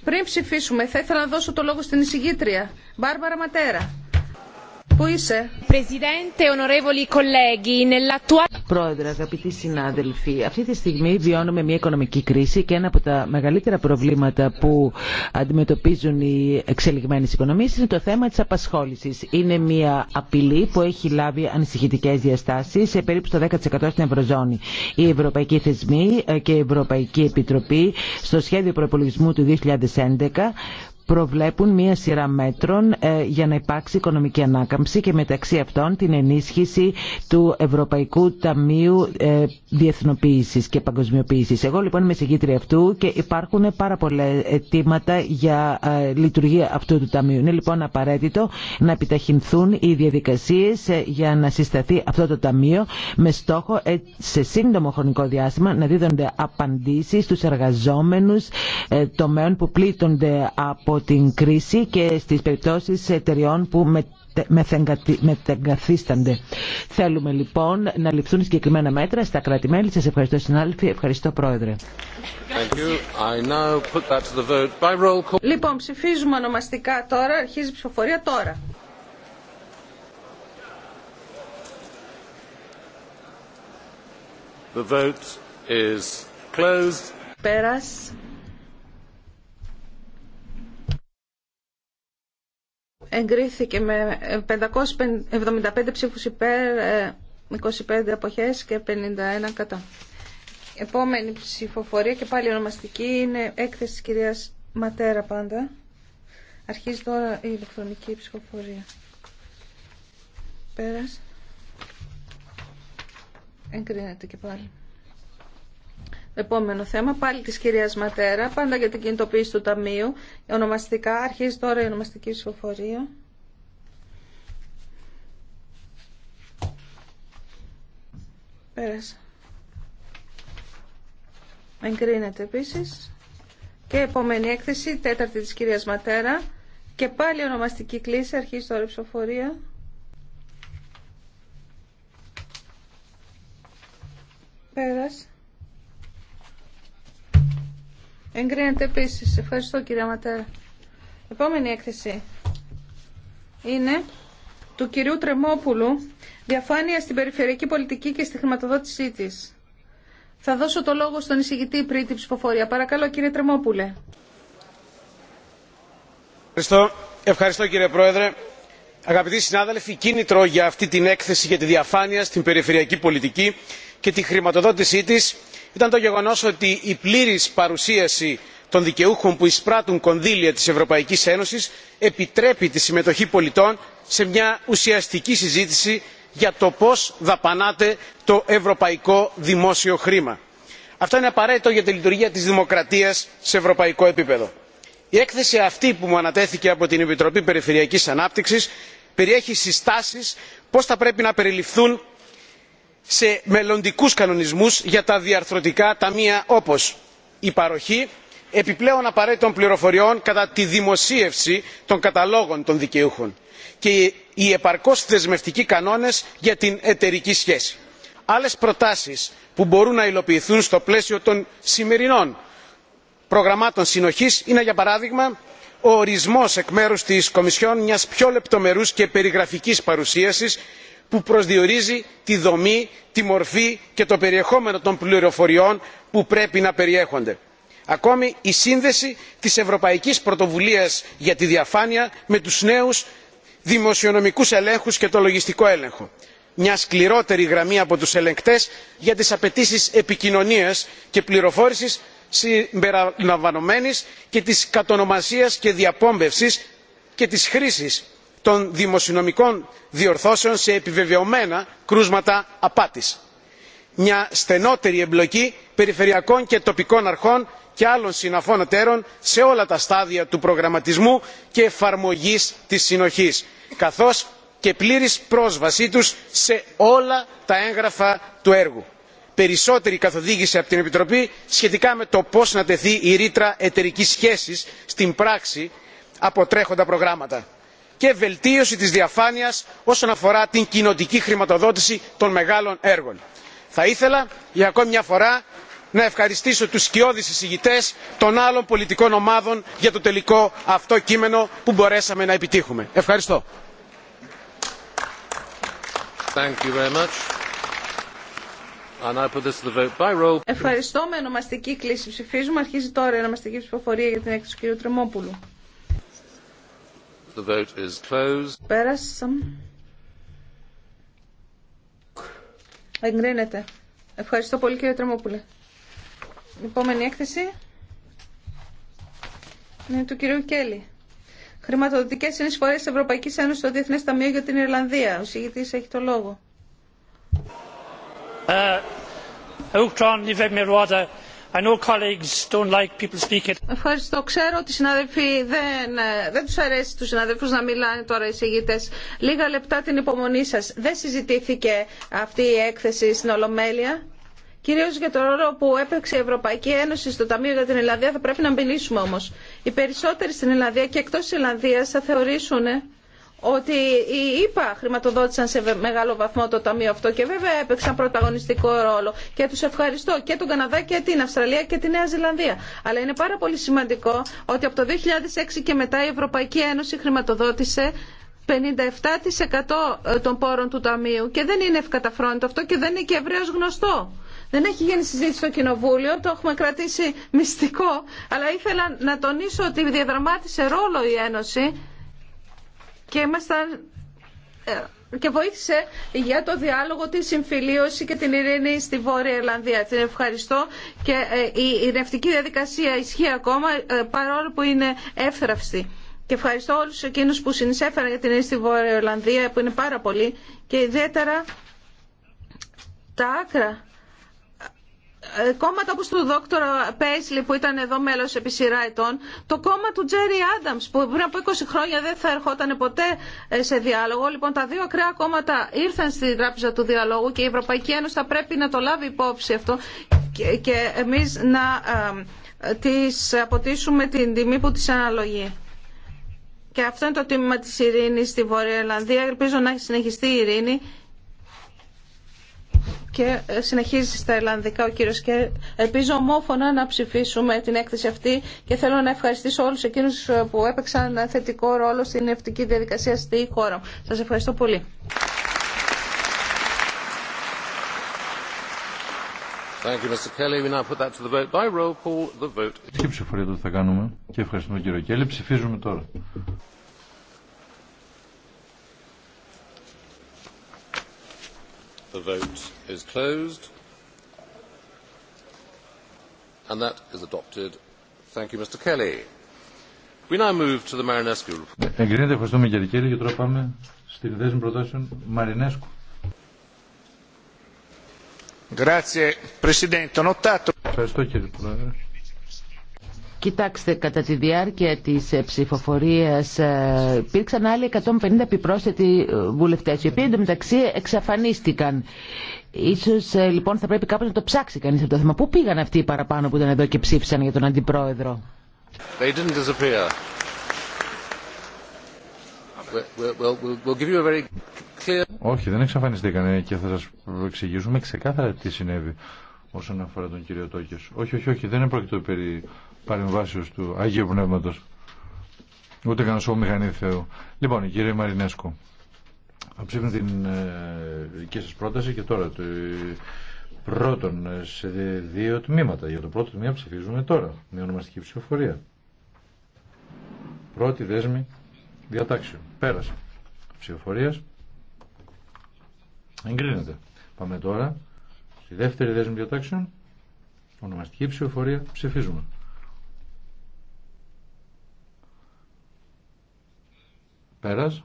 Πριν ψηφίσουμε, θα ήθελα να δώσω το λόγο στην εισηγήτρια, Μπάρμπαρα Ματέρα οι εξελιγμένε οικονομίε είναι το θέμα τη απασχόληση. Είναι μια απειλή που έχει λάβει ανησυχητικέ διαστάσει σε περίπου το 10% στην Ευρωζώνη. Οι Ευρωπαϊκοί Θεσμοί και η Ευρωπαϊκή Επιτροπή στο σχέδιο προπολογισμού του 2011 προβλέπουν μία σειρά μέτρων ε, για να υπάρξει οικονομική ανάκαμψη και μεταξύ αυτών την ενίσχυση του Ευρωπαϊκού Ταμείου ε, Διεθνοποίησης και Παγκοσμιοποίησης. Εγώ λοιπόν είμαι συγκήτρια αυτού και υπάρχουν πάρα πολλά αιτήματα για ε, λειτουργία αυτού του Ταμείου. Είναι λοιπόν απαραίτητο να επιταχυνθούν οι διαδικασίες για να συσταθεί αυτό το Ταμείο με στόχο σε σύντομο χρονικό διάστημα να δίδονται απαντήσεις στους εργαζόμενους τομέων που πλήττονται από την κρίση και στις περιπτώσεις εταιριών που με μετεγκαθίστανται. Θέλουμε λοιπόν να ληφθούν συγκεκριμένα μέτρα στα κράτη-μέλη. Σας ευχαριστώ συνάδελφοι, ευχαριστώ πρόεδρε. Λοιπόν, ψηφίζουμε ονομαστικά τώρα, αρχίζει η ψηφοφορία τώρα. The vote is closed. Πέρας. εγκρίθηκε με 575 ψήφους υπέρ, 25 ε, αποχές και 51 κατά. Επόμενη ψηφοφορία και πάλι ονομαστική είναι έκθεση της κυρίας Ματέρα πάντα. Αρχίζει τώρα η ηλεκτρονική ψηφοφορία. Πέρας. Εγκρίνεται και πάλι. Επόμενο θέμα, πάλι της κυρίας Ματέρα, πάντα για την κινητοποίηση του Ταμείου. Ονομαστικά, αρχίζει τώρα η ονομαστική ψηφοφορία. Πέρασε. Εγκρίνεται επίσης. Και επόμενη έκθεση, τέταρτη της κυρίας Ματέρα. Και πάλι ονομαστική κλίση, αρχίζει τώρα η ψηφοφορία. Πέρασε. Εγκρίνεται επίση. Ευχαριστώ κυρία Ματέρα. Επόμενη έκθεση είναι του κυρίου Τρεμόπουλου διαφάνεια στην περιφερειακή πολιτική και στη χρηματοδότησή τη. Θα δώσω το λόγο στον εισηγητή πριν την ψηφοφορία. Παρακαλώ κύριε Τρεμόπουλε. Ευχαριστώ, Ευχαριστώ κύριε Πρόεδρε. Αγαπητοί συνάδελφοι, κίνητρο για αυτή την έκθεση για τη διαφάνεια στην περιφερειακή πολιτική και τη χρηματοδότησή της ήταν το γεγονός ότι η πλήρης παρουσίαση των δικαιούχων που εισπράττουν κονδύλια της ευρωπαϊκής ένωσης επιτρέπει τη συμμετοχή πολιτών σε μια ουσιαστική συζήτηση για το πώς δαπανάται το ευρωπαϊκό δημόσιο χρήμα. αυτό είναι απαραίτητο για τη λειτουργία της δημοκρατίας σε ευρωπαϊκό επίπεδο. η έκθεση αυτή που μου ανατέθηκε από την επιτροπή περιφερειακής ανάπτυξης περιέχει συστάσεις πώς θα πρέπει να περιληφθούν σε μελλοντικού κανονισμούς για τα διαρθρωτικά ταμεία όπως η παροχή επιπλέον απαραίτητων πληροφοριών κατά τη δημοσίευση των καταλόγων των δικαιούχων και οι επαρκώς δεσμευτικοί κανόνες για την εταιρική σχέση. Άλλε προτάσεις που μπορούν να υλοποιηθούν στο πλαίσιο των σημερινών προγραμμάτων συνοχή, είναι για παράδειγμα ο ορισμό εκ μέρου τη κομισιόν μια πιο λεπτομερού και περιγραφικής παρουσίαση που προσδιορίζει τη δομή τη μορφή και το περιεχόμενο των πληροφοριών που πρέπει να περιέχονται. ακόμη η σύνδεση της ευρωπαϊκής πρωτοβουλίας για τη διαφάνεια με τους νέους δημοσιονομικούς ελέγχους και το λογιστικό έλεγχο μια σκληρότερη γραμμή από τους ελεγκτές για τις απαιτήσει επικοινωνίας και πληροφόρησης συμπεριλαμβανομένης και της κατονομασίας και διαπόμπευσης και της χρήσης των δημοσιονομικών διορθώσεων σε επιβεβαιωμένα κρούσματα απάτης μια στενότερη εμπλοκή περιφερειακών και τοπικών αρχών και άλλων συναφών εταίρων σε όλα τα στάδια του προγραμματισμού και εφαρμογής της συνοχής καθώς και πλήρης πρόσβασή τους σε όλα τα έγγραφα του έργου περισσότερη καθοδήγηση από την επιτροπή σχετικά με το πώς να τεθεί η ρήτρα εταιρικής σχέσης στην πράξη από προγράμματα και βελτίωση της διαφάνειας όσον αφορά την κοινοτική χρηματοδότηση των μεγάλων έργων. θα ήθελα για ακόμη μια φορά να ευχαριστήσω τους σκιώδεις εισηγητές των άλλων πολιτικών ομάδων για το τελικό αυτό κείμενο που μπορέσαμε να επιτύχουμε. ευχαριστώ. Ευχαριστώ. ψηφίζουμε. Αρχίζει τώρα η ψηφοφορία για την έκθεση του Τρεμόπουλου. The Εγκρίνεται. Ευχαριστώ πολύ κύριε Τρεμόπουλε. Η επόμενη έκθεση είναι του κυρίου Κέλλη. Χρηματοδοτικέ συνεισφορέ τη Ευρωπαϊκή Ένωση στο Διεθνέ Ταμείο για την Ιρλανδία. Ο συγητή έχει το λόγο. Ε, Ευχαριστώ. Ξέρω ότι οι συνάδελφοι δεν, ε, δεν τους αρέσει τους συναδέλφους να μιλάνε τώρα οι συγγητές. Λίγα λεπτά την υπομονή σας. Δεν συζητήθηκε αυτή η έκθεση στην Ολομέλεια. Κυρίω για το ρόλο που έπαιξε η Ευρωπαϊκή Ένωση στο Ταμείο για την Ελλάδα θα πρέπει να μιλήσουμε όμω. Οι περισσότεροι στην Ελλάδα και εκτό τη θα θεωρήσουν ότι η ΙΠΑ χρηματοδότησαν σε μεγάλο βαθμό το ταμείο αυτό και βέβαια έπαιξαν πρωταγωνιστικό ρόλο και τους ευχαριστώ και τον Καναδά και την Αυστραλία και τη Νέα Ζηλανδία. Αλλά είναι πάρα πολύ σημαντικό ότι από το 2006 και μετά η Ευρωπαϊκή Ένωση χρηματοδότησε 57% των πόρων του ταμείου και δεν είναι ευκαταφρόνητο αυτό και δεν είναι και ευρέω γνωστό. Δεν έχει γίνει συζήτηση στο Κοινοβούλιο, το έχουμε κρατήσει μυστικό, αλλά ήθελα να τονίσω ότι διαδραμάτισε ρόλο η Ένωση και ήμασταν ε, και βοήθησε για το διάλογο, τη συμφιλίωση και την ειρήνη στη Βόρεια Ιρλανδία. Την ευχαριστώ και ε, η ρευτική διαδικασία ισχύει ακόμα ε, παρόλο που είναι εύθραυστη. Και ευχαριστώ όλους εκείνους που συνεισέφεραν για την ειρήνη στη Βόρεια Ιρλανδία που είναι πάρα πολλοί και ιδιαίτερα τα άκρα ε, κόμματα όπως το δόκτωρο Πέσλι που ήταν εδώ μέλος επί σειρά ετών, το κόμμα του Τζέρι Άνταμς που πριν από 20 χρόνια δεν θα ερχόταν ποτέ ε, σε διάλογο. Λοιπόν, τα δύο ακραία κόμματα ήρθαν στη τράπεζα του διαλόγου και η Ευρωπαϊκή Ένωση θα πρέπει να το λάβει υπόψη αυτό και εμείς να της αποτίσουμε την τιμή που της αναλογεί. Και αυτό είναι το τίμημα της ειρήνης στη Βόρεια Ελλανδία. Ελπίζω να έχει συνεχιστεί η ειρήνη και ε, συνεχίζει στα Ελλανδικά ο κύριος και ελπίζω ομόφωνα να ψηφίσουμε την έκθεση αυτή και θέλω να ευχαριστήσω όλους εκείνους ε, που έπαιξαν ένα θετικό ρόλο στην ευτική διαδικασία στη χώρα μου. Σας ευχαριστώ πολύ. Τι ψηφορία θα κάνουμε και ευχαριστούμε κύριο Κέλλη. Ψηφίζουμε τώρα. The vote is closed. And that is adopted. Thank you, Mr. Kelly. We now move to the Marinescu. Ευχαριστώ Πρόεδρε. Κοιτάξτε, κατά τη διάρκεια της ε, ψηφοφορίας ε, υπήρξαν άλλοι 150 επιπρόσθετοι ε, βουλευτές, οι οποίοι εντωμεταξύ εξαφανίστηκαν. Ίσως λοιπόν θα πρέπει κάποιος να το ψάξει κανείς αυτό το θέμα. Πού πήγαν αυτοί οι παραπάνω που ήταν εδώ και ψήφισαν για τον Αντιπρόεδρο. Όχι, δεν εξαφανιστήκαν και θα σας εξηγήσουμε ξεκάθαρα τι συνέβη όσον αφορά τον κύριο Τόκες. Όχι, όχι, όχι, δεν είναι πρόκειτο περί παρεμβάσεως του Αγίου Πνεύματος. Ούτε καν σώμα μηχανή Θεού. Λοιπόν, κύριε Μαρινέσκο, θα ψήφουν την ε, δική σας πρόταση και τώρα το, ε, πρώτον ε, σε δύο τμήματα. Για το πρώτο τμήμα ψηφίζουμε τώρα με ονομαστική ψηφοφορία. Πρώτη δέσμη διατάξεων. Πέρασε. Ψηφοφορίας. Εγκρίνεται. Πάμε τώρα στη δεύτερη δέσμη διατάξεων. Ονομαστική ψηφοφορία. Ψηφίζουμε. Πέρας.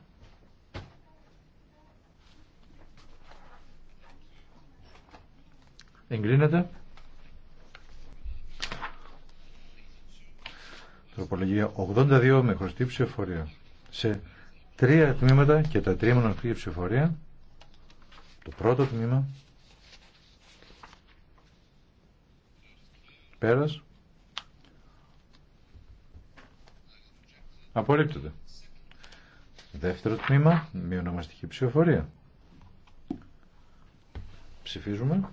Εγκρίνεται. Τροπολογία 82 με χρωστή ψηφοφορία. Σε τρία τμήματα και τα τρία μονοκλή ψηφοφορία. Το πρώτο τμήμα. Πέρας. Απορρίπτεται. Δεύτερο τμήμα, ονομαστική ψηφοφορία. Ψηφίζουμε.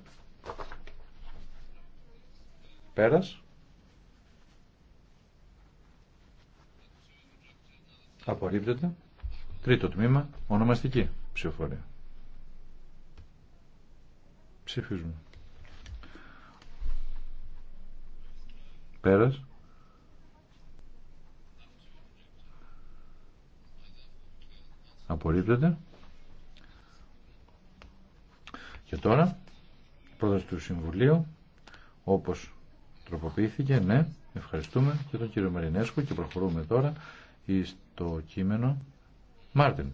Πέρας. Απορρίπτεται. Τρίτο τμήμα, ονομαστική ψηφοφορία. Ψηφίζουμε. Πέρας. απορρίπτεται. Και τώρα, πρόταση του Συμβουλίου, όπως τροποποιήθηκε, ναι, ευχαριστούμε και τον κύριο Μαρινέσκο και προχωρούμε τώρα στο κείμενο Μάρτιν.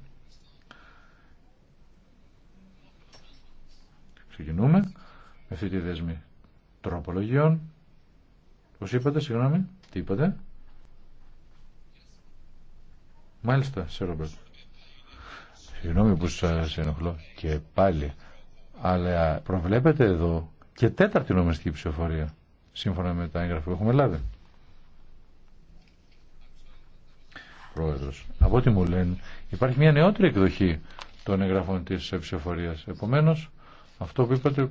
Ξεκινούμε με αυτή τη δέσμη τροπολογιών. Πώς είπατε, συγγνώμη, τι είπατε. Μάλιστα, σε Ρόμπερτ. Συγγνώμη που σα ενοχλώ και πάλι. Αλλά προβλέπετε εδώ και τέταρτη νομιστική ψηφοφορία σύμφωνα με τα έγγραφα που έχουμε λάβει. Πρόεδρος. Από ό,τι μου λένε υπάρχει μια νεότερη εκδοχή των εγγραφών της ψηφοφορία. Επομένως αυτό που είπατε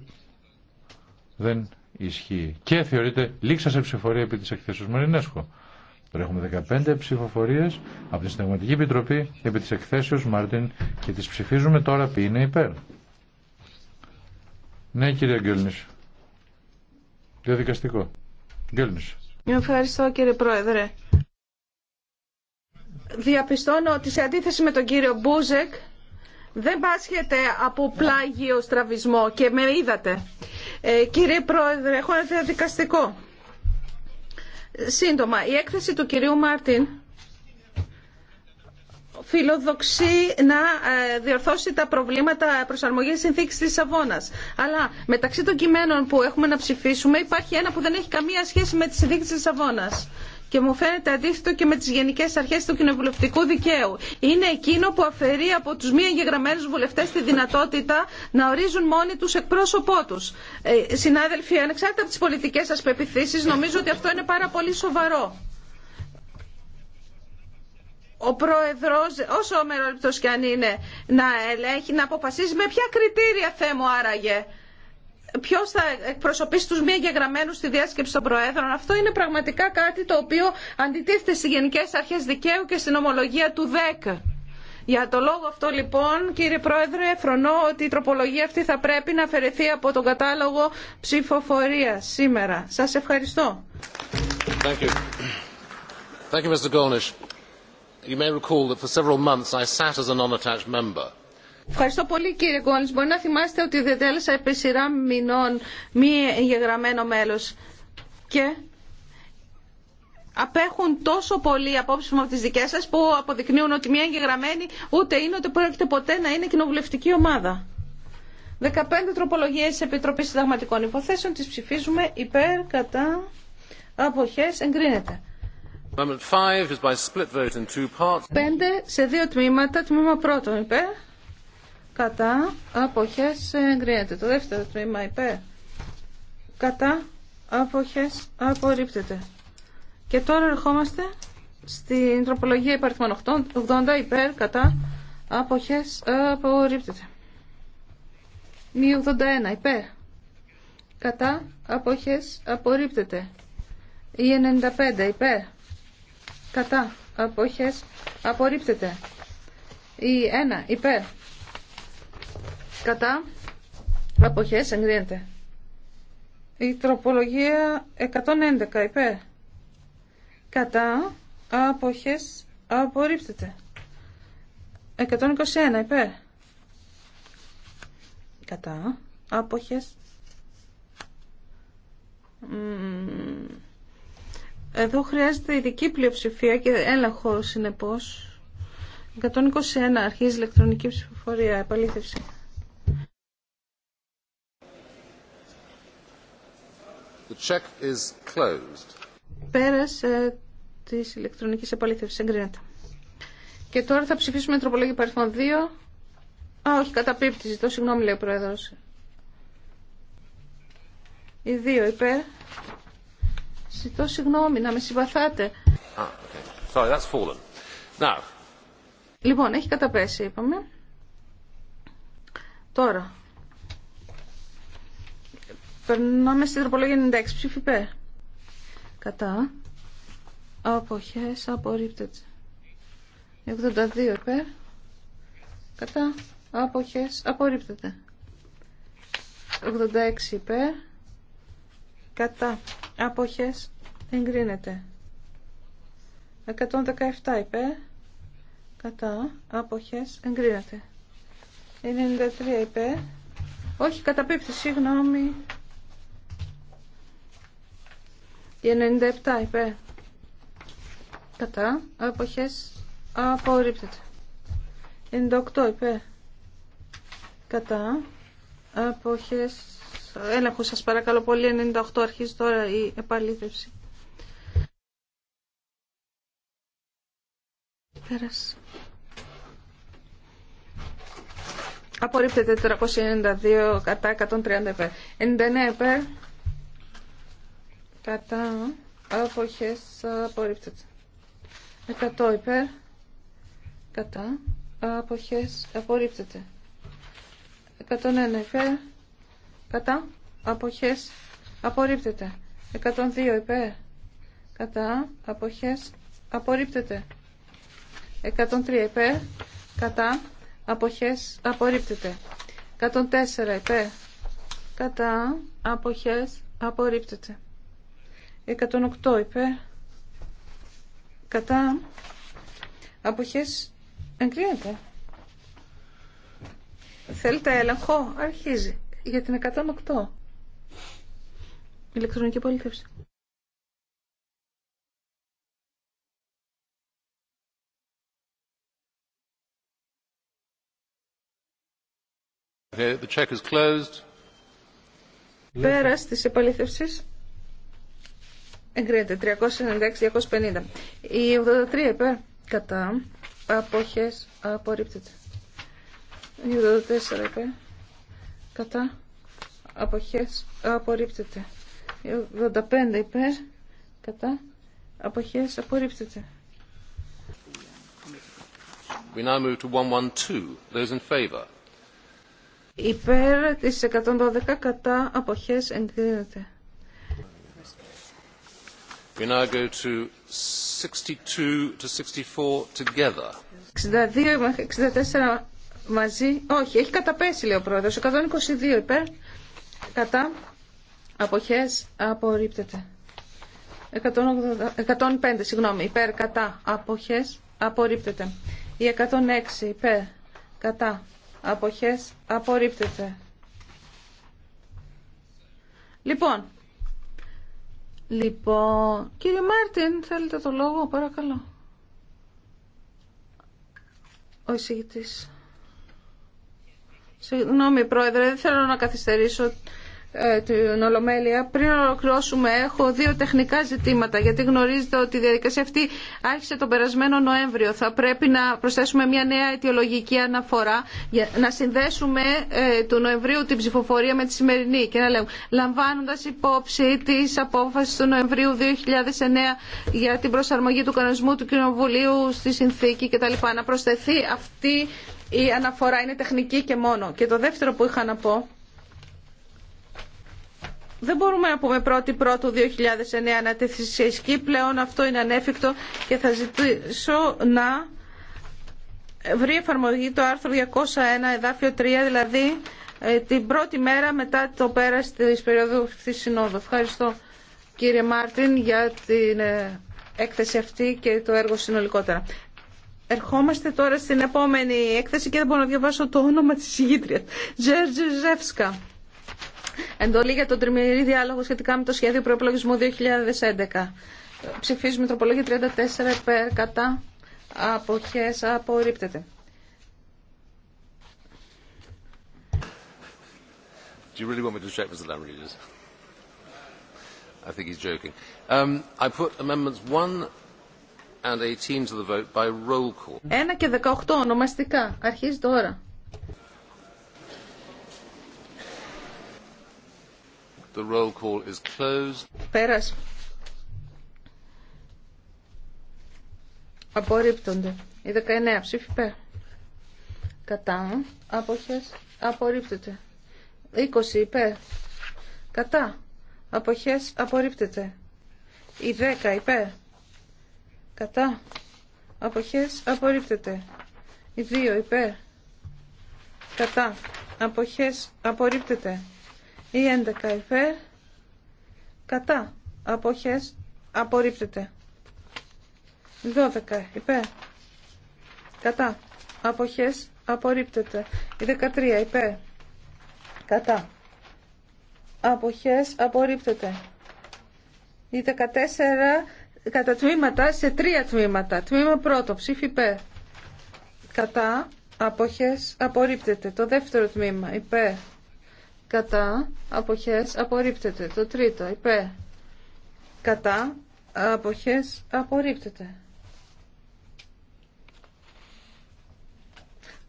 δεν ισχύει. Και θεωρείται λήξα σε ψηφοφορία επί της εκθέσεως Μαρινέσκου. Τώρα έχουμε 15 ψηφοφορίε από την Συνταγματική Επιτροπή επί τη εκθέσεω Μάρτιν και τι ψηφίζουμε τώρα ποιοι είναι υπέρ. Ναι, κύριε Γκέλνη. Διαδικαστικό. Γκέλνη. Ευχαριστώ, κύριε Πρόεδρε. Διαπιστώνω ότι σε αντίθεση με τον κύριο Μπούζεκ δεν πάσχεται από πλάγιο στραβισμό και με είδατε. Ε, κύριε Πρόεδρε, έχω ένα διαδικαστικό. Σύντομα, η έκθεση του κυρίου Μάρτιν φιλοδοξεί να ε, διορθώσει τα προβλήματα προσαρμογής συνθήκη της Σαββόνα. Αλλά μεταξύ των κειμένων που έχουμε να ψηφίσουμε υπάρχει ένα που δεν έχει καμία σχέση με τη συνθήκη της Σαββόνα και μου φαίνεται αντίθετο και με τις γενικές αρχές του κοινοβουλευτικού δικαίου. Είναι εκείνο που αφαιρεί από τους μη εγγεγραμμένου βουλευτέ τη δυνατότητα να ορίζουν μόνοι τους εκπρόσωπό τους. Ε, συνάδελφοι, ανεξάρτητα από τις πολιτικές σας πεπιθήσεις, νομίζω ότι αυτό είναι πάρα πολύ σοβαρό ο πρόεδρος, όσο μερόληπτος κι αν είναι, να ελέγχει, να αποφασίζει με ποια κριτήρια θέμω άραγε Ποιο θα εκπροσωπήσει του μη εγγεγραμμένου στη διάσκεψη των Προέδρων. Αυτό είναι πραγματικά κάτι το οποίο αντιτίθεται στι Γενικέ Αρχέ Δικαίου και στην ομολογία του ΔΕΚ. Για το λόγο αυτό λοιπόν, κύριε Πρόεδρε, φρονώ ότι η τροπολογία αυτή θα πρέπει να αφαιρεθεί από τον κατάλογο ψηφοφορία σήμερα. Σας ευχαριστώ. Thank you. Thank you, Mr. You may recall that for several months I sat as a non-attached member. Ευχαριστώ πολύ κύριε Κόλνης. Μπορεί να θυμάστε ότι διατέλεσα επί σειρά μηνών μη εγγεγραμμένο μέλος και απέχουν τόσο πολύ απόψεις μου από τις δικές σας που αποδεικνύουν ότι μια εγγεγραμμένη ούτε είναι ούτε πρόκειται ποτέ να είναι κοινοβουλευτική ομάδα. 15 τροπολογίες της Επιτροπής Συνταγματικών Υποθέσεων τις ψηφίζουμε υπέρ κατά αποχές εγκρίνεται. 5 σε δύο τμήματα, τμήμα πρώτο, υπέρ κατά αποχές ε, εγκρίνεται. Το δεύτερο τμήμα υπέρ κατά αποχές απορρίπτεται. Και τώρα ερχόμαστε στην τροπολογία υπαριθμών 80 υπέρ κατά αποχές απορρίπτεται. Μη 81 υπέρ κατά αποχές απορρίπτεται. Η 95 υπέρ κατά αποχές απορρίπτεται. Η 1 υπέρ κατά αποχές εγκρίνεται. Η τροπολογία 111 υπέρ κατά αποχές απορρίπτεται. 121 είπε. κατά αποχές εδώ χρειάζεται ειδική πλειοψηφία και έλεγχο συνεπώς. 121 αρχίζει ηλεκτρονική ψηφοφορία, επαλήθευση. check Πέρασε της ηλεκτρονικής επαλήθευσης. Εγκρίνεται. Και τώρα θα ψηφίσουμε τροπολόγια παριθμών 2. Α, όχι, καταπίπτει. Ζητώ συγγνώμη, λέει ο Πρόεδρος. Η δύο υπέρ. Ζητώ συγγνώμη, να με συμπαθάτε. Λοιπόν, έχει καταπέσει, είπαμε. Τώρα, Περνάμε στην τροπολογία 96. Ψήφι Κατά. Αποχές απορρίπτεται. 82 υπέρ. Κατά. Αποχές απορρίπτεται. 86 υπέρ. Κατά. Αποχές εγκρίνεται. 117 υπέρ. Κατά. Αποχές εγκρίνεται. 93 υπέρ. Όχι, καταπίπτει, συγγνώμη. Η 97 είπε Κατά. Αποχές. Απορρίπτεται. 98 είπε Κατά. Αποχές. Έλεγχο σας παρακαλώ πολύ. 98 αρχίζει τώρα η επαλήθευση. Πέρασε. Απορρίπτεται 492 κατά 130 επέ. 99 επέ κατά αποχές απορρίπτεται 100 υπέρ κατά αποχές απορρίπτεται 101 υπέρ κατά αποχές απορρίπτεται 102 υπέρ κατά αποχές απορρίπτεται 103 υπέρ κατά αποχές απορρίπτεται 104 υπέρ κατά αποχές απορρίπτεται 108 είπε κατά αποχές εγκρίνεται. Θέλετε έλεγχο, αρχίζει για την 108. Ηλεκτρονική πολίτευση. Okay, τη check Εγκρίνεται. 396-250. Η 83 υπέρ. Κατά. Απόχες. Απορρίπτεται. Η 84 υπέρ. Κατά. Αποχές. Απορρίπτεται. Η 85 υπέρ. Κατά. Αποχές. Απορρίπτεται. We now move to 112. Those in Υπέρ της 112 κατά αποχές εγκρίνεται. We now go to 62 to 64 together. 62 μέχρι 64 μαζί. Όχι, έχει καταπέσει λέει ο πρόεδρος. 122 υπέρ. Κατά. Αποχές. Απορρίπτεται. 180, 105 συγγνώμη. Υπέρ. Κατά. Αποχές. Απορρίπτεται. Η 106 υπέρ. Κατά. Αποχές. Απορρίπτεται. Λοιπόν, Λοιπόν, κύριε Μάρτιν, θέλετε το λόγο, παρακαλώ. Ο εισηγητής. Συγγνώμη, Πρόεδρε, δεν θέλω να καθυστερήσω ε, την Ολομέλεια. Πριν ολοκληρώσουμε, έχω δύο τεχνικά ζητήματα, γιατί γνωρίζετε ότι η διαδικασία αυτή άρχισε τον περασμένο Νοέμβριο. Θα πρέπει να προσθέσουμε μια νέα αιτιολογική αναφορά, για να συνδέσουμε ε, του Νοεμβρίου την ψηφοφορία με τη σημερινή και να λέμε, λαμβάνοντα υπόψη τη απόφαση του Νοεμβρίου 2009 για την προσαρμογή του κανονισμού του Κοινοβουλίου στη συνθήκη κτλ. Να προσθεθεί αυτή η αναφορά, είναι τεχνική και μόνο. Και το δεύτερο που είχα να πω, δεν μπορούμε να πουμε πρωτη Πρώτου 2009 να τεθεί σε ισχύ. Πλέον αυτό είναι ανέφικτο και θα ζητήσω να βρει εφαρμογή το άρθρο 201 εδάφιο 3, δηλαδή ε, την πρώτη μέρα μετά το πέρας της περίοδου της Συνόδου. Ευχαριστώ κύριε Μάρτιν για την ε, έκθεση αυτή και το έργο συνολικότερα. Ερχόμαστε τώρα στην επόμενη έκθεση και δεν μπορώ να διαβάσω το όνομα της συγγήτριας εντολή για τον τριμερή διάλογο σχετικά με το σχέδιο προεπλογισμού 2011. Ψηφίζουμε τροπολόγια 34 υπέρ κατά αποχές απορρίπτεται. Do you really want me to check Mr. Lambridge? I think he's joking. Um, I put amendments 1 and 18 to the vote by roll call. 1 και 18 ονομαστικά. Αρχίζει τώρα. The roll call is closed. Πέρας. Απορρίπτονται. Η 19 ψήφι πέρα. Κατά. Αποχές. Απορρίπτεται. 20 υπέρ. Κατά. Αποχές. Απορρίπτεται. Η 10 υπέρ. Κατά. Αποχές. Απορρίπτεται. Η 2 υπέρ. Κατά. Αποχές. Απορρίπτεται ή 11 υπέρ κατά αποχές απορρίπτεται 12 υπέρ κατά αποχές απορρίπτεται η 13 υπέρ κατά αποχές απορρίπτεται η 14 κατά τμήματα σε τρία τμήματα τμήμα πρώτο ψήφι υπέρ κατά αποχές απορρίπτεται το δεύτερο τμήμα υπέρ κατά, αποχές, απορρίπτεται. Το τρίτο, Υπε. κατά, αποχές, απορρίπτεται.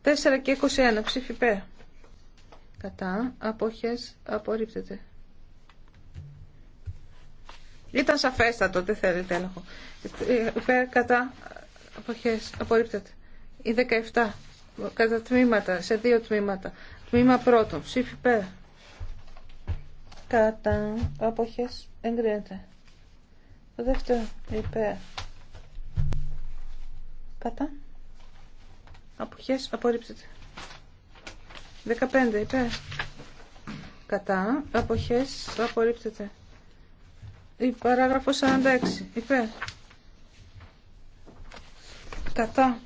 4 και 21, ψήφι Κατά, αποχές, απορρίπτεται. Ήταν σαφέστατο, δεν θέλετε έλεγχο. Υπε. κατά, αποχές, απορρίπτεται. Η 17, κατά τμήματα, σε δύο τμήματα. Τμήμα πρώτο, ψήφι κατά αποχές εγκρίνεται το δεύτερο Είπε. κατά αποχές απορρίπτεται 15 Είπε. κατά αποχές απορρίπτεται η παράγραφο 46 Είπε. κατά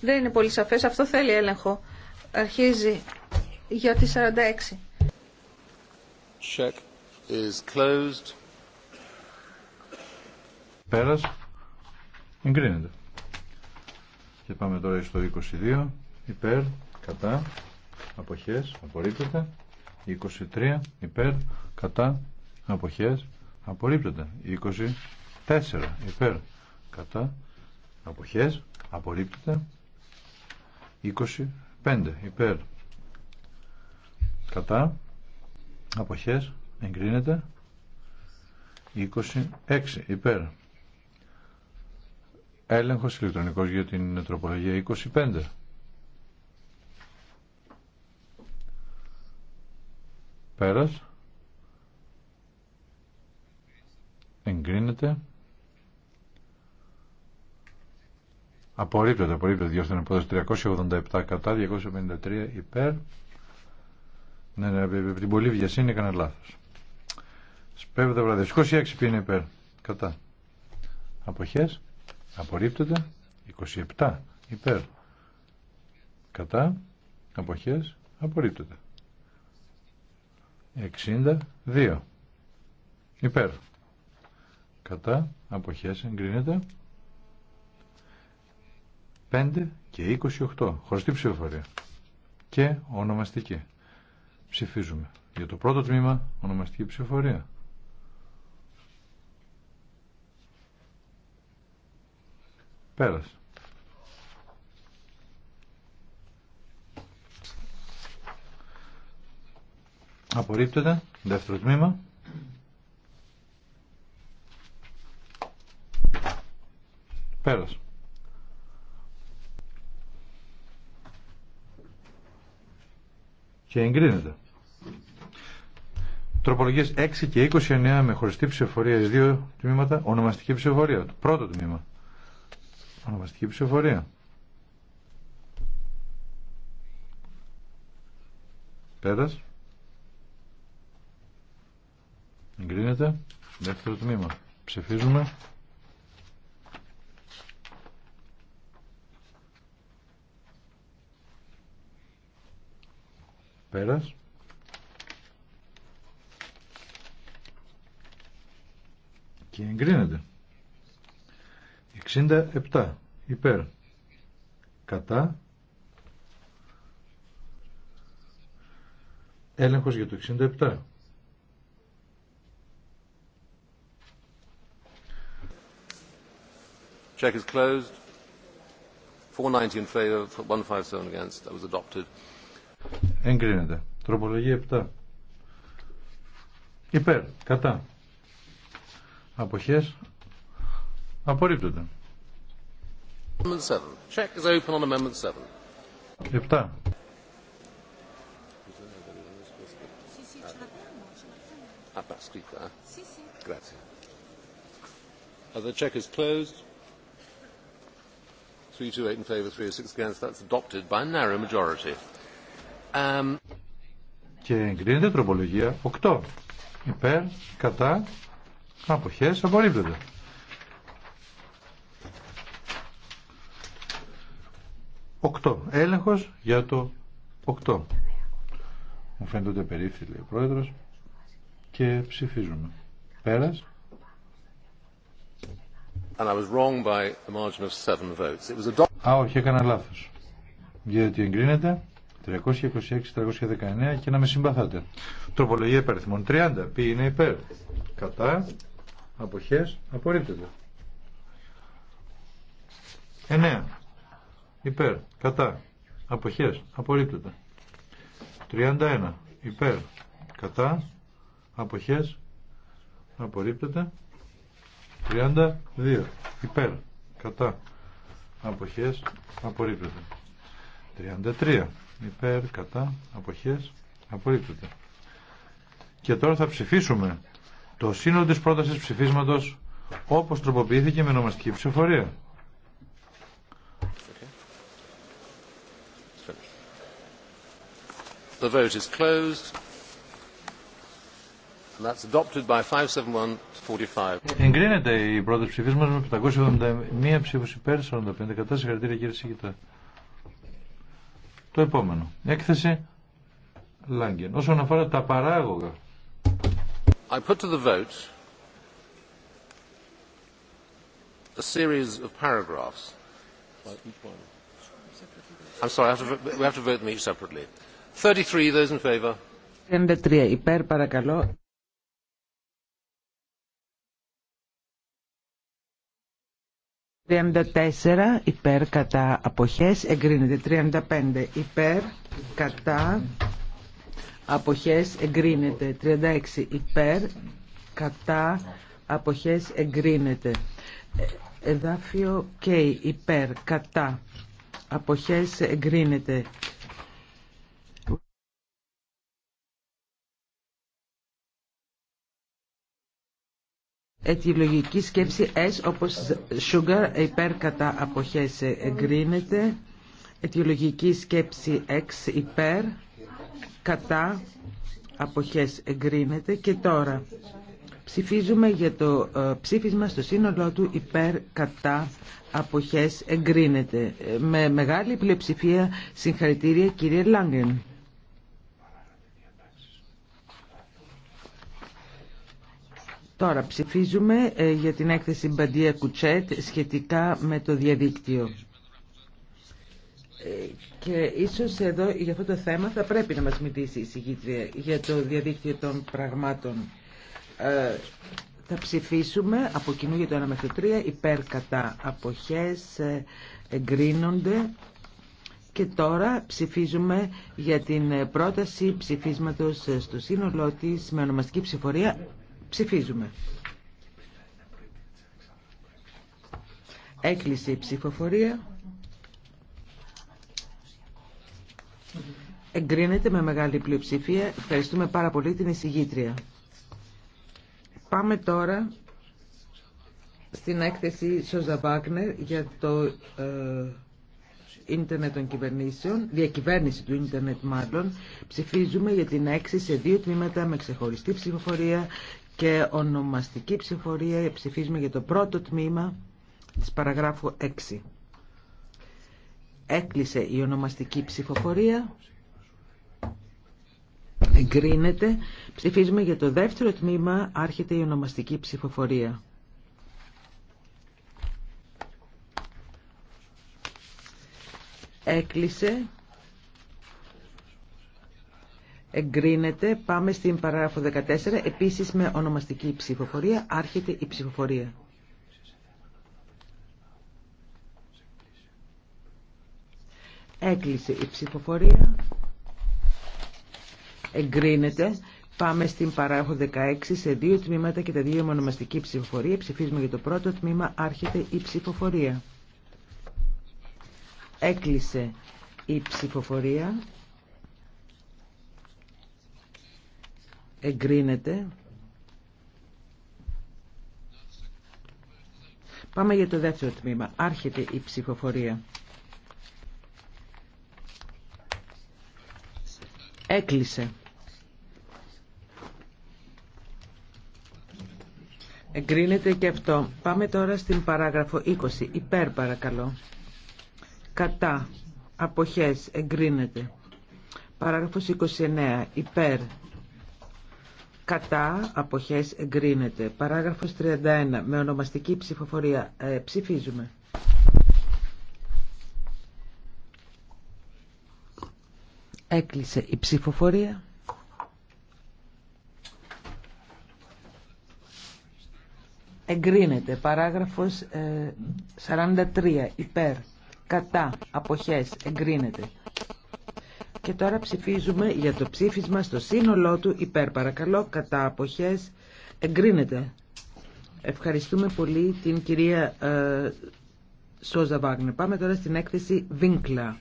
δεν είναι πολύ σαφές αυτό θέλει έλεγχο αρχίζει για τη 46 Check is closed. Πέρας. Εγκρίνεται. Και πάμε τώρα στο 22. Υπέρ. Κατά. Αποχές. Απορρίπτεται. 23. Υπέρ. Κατά. Αποχές. Απορρίπτεται. 24. Υπέρ. Κατά. Αποχές. Απορρίπτεται. 25. Υπέρ. Κατά αποχές εγκρίνεται 26 υπέρ έλεγχος ηλεκτρονικός για την τροπολογία 25 πέρας εγκρίνεται απορρίπτεται απορρίπτεται 387 κατά 253 υπέρ ναι, ναι, από την πολύ βιασύνη έκανε λάθο. Σπέβδε βράδυ. 26 είναι υπέρ. Κατά. αποχέ, Απορρίπτεται. 27 υπέρ. Κατά. αποχέ, Απορρίπτεται. 62 υπέρ. Κατά. Αποχέ. Εγκρίνεται. 5 και 28. Χωριστή ψηφοφορία. Και ονομαστική. Ψηφίζουμε. Για το πρώτο τμήμα, ονομαστική ψηφοφορία. Πέρασε. Απορρίπτεται. Δεύτερο τμήμα. Πέρασε. Και εγκρίνεται. Τροπολογίες 6 και 29 με χωριστή ψηφοφορία στις δύο τμήματα, ονομαστική ψηφοφορία. Το πρώτο τμήμα. Ονομαστική ψηφοφορία. Πέρας. Εγκρίνεται. Δεύτερο τμήμα. Ψηφίζουμε. Πέρας. και εγκρίνεται. 67 υπέρ κατά έλεγχος για το 67. Check is closed. 490 in favor, 157 against. That was adopted. Εγκρίνεται. Τροπολογία 7. Υπέρ. Κατά. Αποχές. Απορρίπτονται. 7. Check is open on amendment 7. 7. Sì, sì. Grazie. The check is closed. 328 in favour, 306 against. That's adopted by a narrow majority. Και εγκρίνεται τροπολογία 8. Υπέρ, κατά, Αποχές απορρίπτεται. Οκτώ. Έλεγχος για το οκτώ. Μου φαίνεται ότι ο πρόεδρος. Και ψηφίζουμε. Πέρας. I was wrong by margin of votes. It was a... Α, όχι, έκανα λάθος. Γιατί εγκρίνεται 326-319 και να με συμπαθάτε. Τροπολογία υπέρ 30. Ποιοι είναι υπέρ. Κατά αποχές απορρίπτεται 9 υπέρ κατά αποχές απορρίπτεται 31 υπέρ κατά αποχές απορρίπτεται 32 υπέρ κατά αποχές απορρίπτεται 33 υπέρ κατά αποχές απορρίπτεται και τώρα θα ψηφίσουμε το σύνολο της πρότασης ψηφίσματος όπως τροποποιήθηκε με νομαστική ψηφοφορία. The vote is closed. And that's adopted by 571 45. Εγκρίνεται η πρόταση ψηφίσμα με 571 ψήφου υπέρ, 45 κατά. Συγχαρητήρια κύριε Σιγητά. Το επόμενο. Έκθεση Λάγκεν. Όσον αφορά τα παράγωγα I put to the vote a series of paragraphs. I'm sorry, we have to vote them each separately. 33, those in favour. 33, υπέρ παρακαλώ. ...34 υπέρ κατά αποχές, εγκρίνεται 35 υπέρ κατά αποχές εγκρίνεται. 36 υπέρ, κατά, αποχές εγκρίνεται. Εδάφιο K υπέρ, κατά, αποχές εγκρίνεται. Αιτιολογική σκέψη S όπως sugar υπέρ κατά αποχές εγκρίνεται. Αιτιολογική σκέψη X υπέρ κατά αποχές εγκρίνεται και τώρα ψηφίζουμε για το ε, ψήφισμα στο σύνολό του υπέρ κατά αποχές εγκρίνεται ε, με μεγάλη πλειοψηφία συγχαρητήρια κύριε Λάγκεν Τώρα ψηφίζουμε ε, για την έκθεση Μπαντία Κουτσέτ σχετικά με το διαδίκτυο και ίσως εδώ για αυτό το θέμα θα πρέπει να μας μιλήσει η για το διαδίκτυο των πραγμάτων. Ε, θα ψηφίσουμε από κοινού για το 1 μέχρι 3 υπέρ κατά αποχές ε, εγκρίνονται και τώρα ψηφίζουμε για την πρόταση ψηφίσματος στο σύνολό της με ονομαστική ψηφορία ψηφίζουμε. Έκλεισε η ψηφοφορία. Εγκρίνεται με μεγάλη πλειοψηφία. Ευχαριστούμε πάρα πολύ την εισηγήτρια. Πάμε τώρα στην έκθεση Σόζα Βάγνερ για το ε, ίντερνετ των κυβερνήσεων, διακυβέρνηση του ίντερνετ μάλλον. Ψηφίζουμε για την έξι σε δύο τμήματα με ξεχωριστή ψηφοφορία και ονομαστική ψηφοφορία. Ψηφίζουμε για το πρώτο τμήμα της παραγράφου 6. Έκλεισε η ονομαστική ψηφοφορία. Εγκρίνεται. Ψηφίζουμε για το δεύτερο τμήμα. Άρχεται η ονομαστική ψηφοφορία. Έκλεισε. Εγκρίνεται. Πάμε στην παράγραφο 14. Επίσης με ονομαστική ψηφοφορία. Άρχεται η ψηφοφορία. Έκλεισε η ψηφοφορία. Εγκρίνεται. Πάμε στην παράγω 16 σε δύο τμήματα και τα δύο μονομαστική ψηφοφορία. Ψηφίζουμε για το πρώτο τμήμα. Άρχεται η ψηφοφορία. Έκλεισε η ψηφοφορία. Εγκρίνεται. Πάμε για το δεύτερο τμήμα. Άρχεται η ψηφοφορία. Έκλεισε. Εγκρίνεται και αυτό. Πάμε τώρα στην παράγραφο 20. Υπέρ παρακαλώ. Κατά. Αποχές. Εγκρίνεται. Παράγραφος 29. Υπέρ. Κατά. Αποχές. Εγκρίνεται. Παράγραφος 31. Με ονομαστική ψηφοφορία. Ε, ψηφίζουμε. Έκλεισε η ψηφοφορία. Εγκρίνεται. Παράγραφος 43. Ε, Υπέρ. Κατά. Αποχές. Εγκρίνεται. Και τώρα ψηφίζουμε για το ψήφισμα στο σύνολό του. Υπέρ. Παρακαλώ. Κατά. Αποχές. Εγκρίνεται. Ευχαριστούμε πολύ την κυρία ε, Σόζα Βάγνε. Πάμε τώρα στην έκθεση Βίνκλα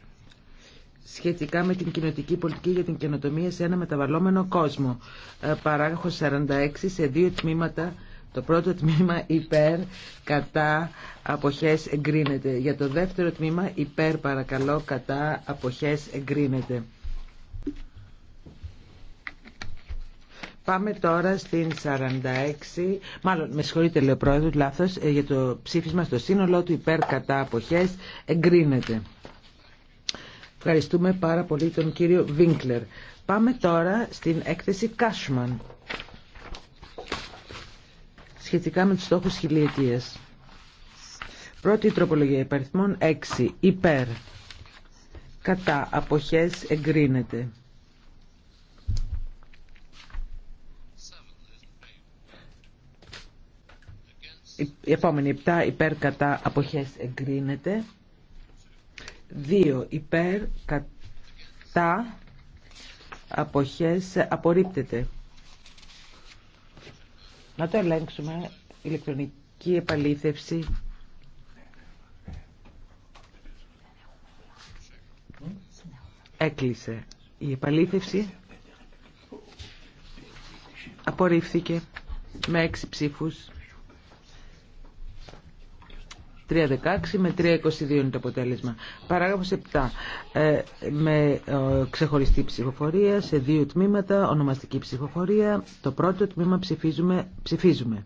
σχετικά με την κοινοτική πολιτική για την καινοτομία σε ένα μεταβαλλόμενο κόσμο. Ε, Παράγραφο 46 σε δύο τμήματα. Το πρώτο τμήμα υπέρ, κατά, αποχές εγκρίνεται. Για το δεύτερο τμήμα υπέρ παρακαλώ, κατά, αποχές εγκρίνεται. Πάμε τώρα στην 46, μάλλον με συγχωρείτε λέει ο λάθος, ε, για το ψήφισμα στο σύνολό του υπέρ κατά αποχές εγκρίνεται. Ευχαριστούμε πάρα πολύ τον κύριο Βίνκλερ. Πάμε τώρα στην έκθεση Κάσμαν σχετικά με τους στόχους χιλιετίες. Πρώτη τροπολογία υπαριθμών 6. Υπέρ. Κατά. Αποχές εγκρίνεται. Η επόμενη 7. Υπέρ. Κατά. Αποχές εγκρίνεται. Δύο υπέρ κατά αποχές απορρίπτεται. Να το ελέγξουμε ηλεκτρονική επαλήθευση. Έκλεισε η επαλήθευση. Απορρίφθηκε με έξι ψήφους. 316 με 322 είναι το αποτέλεσμα. Παράγραφος 7. Ε, με ε, ξεχωριστή ψηφοφορία σε δύο τμήματα, ονομαστική ψηφοφορία. Το πρώτο τμήμα ψηφίζουμε. ψηφίζουμε.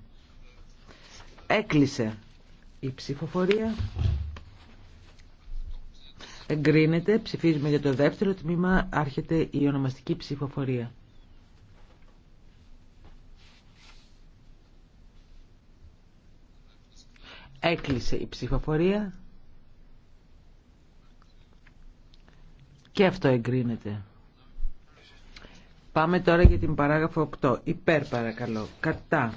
Έκλεισε η ψηφοφορία. Εγκρίνεται. Ψηφίζουμε για το δεύτερο τμήμα. Άρχεται η ονομαστική ψηφοφορία. Έκλεισε η ψηφοφορία. Και αυτό εγκρίνεται. Πάμε τώρα για την παράγραφο 8. Υπέρ παρακαλώ. Κατά.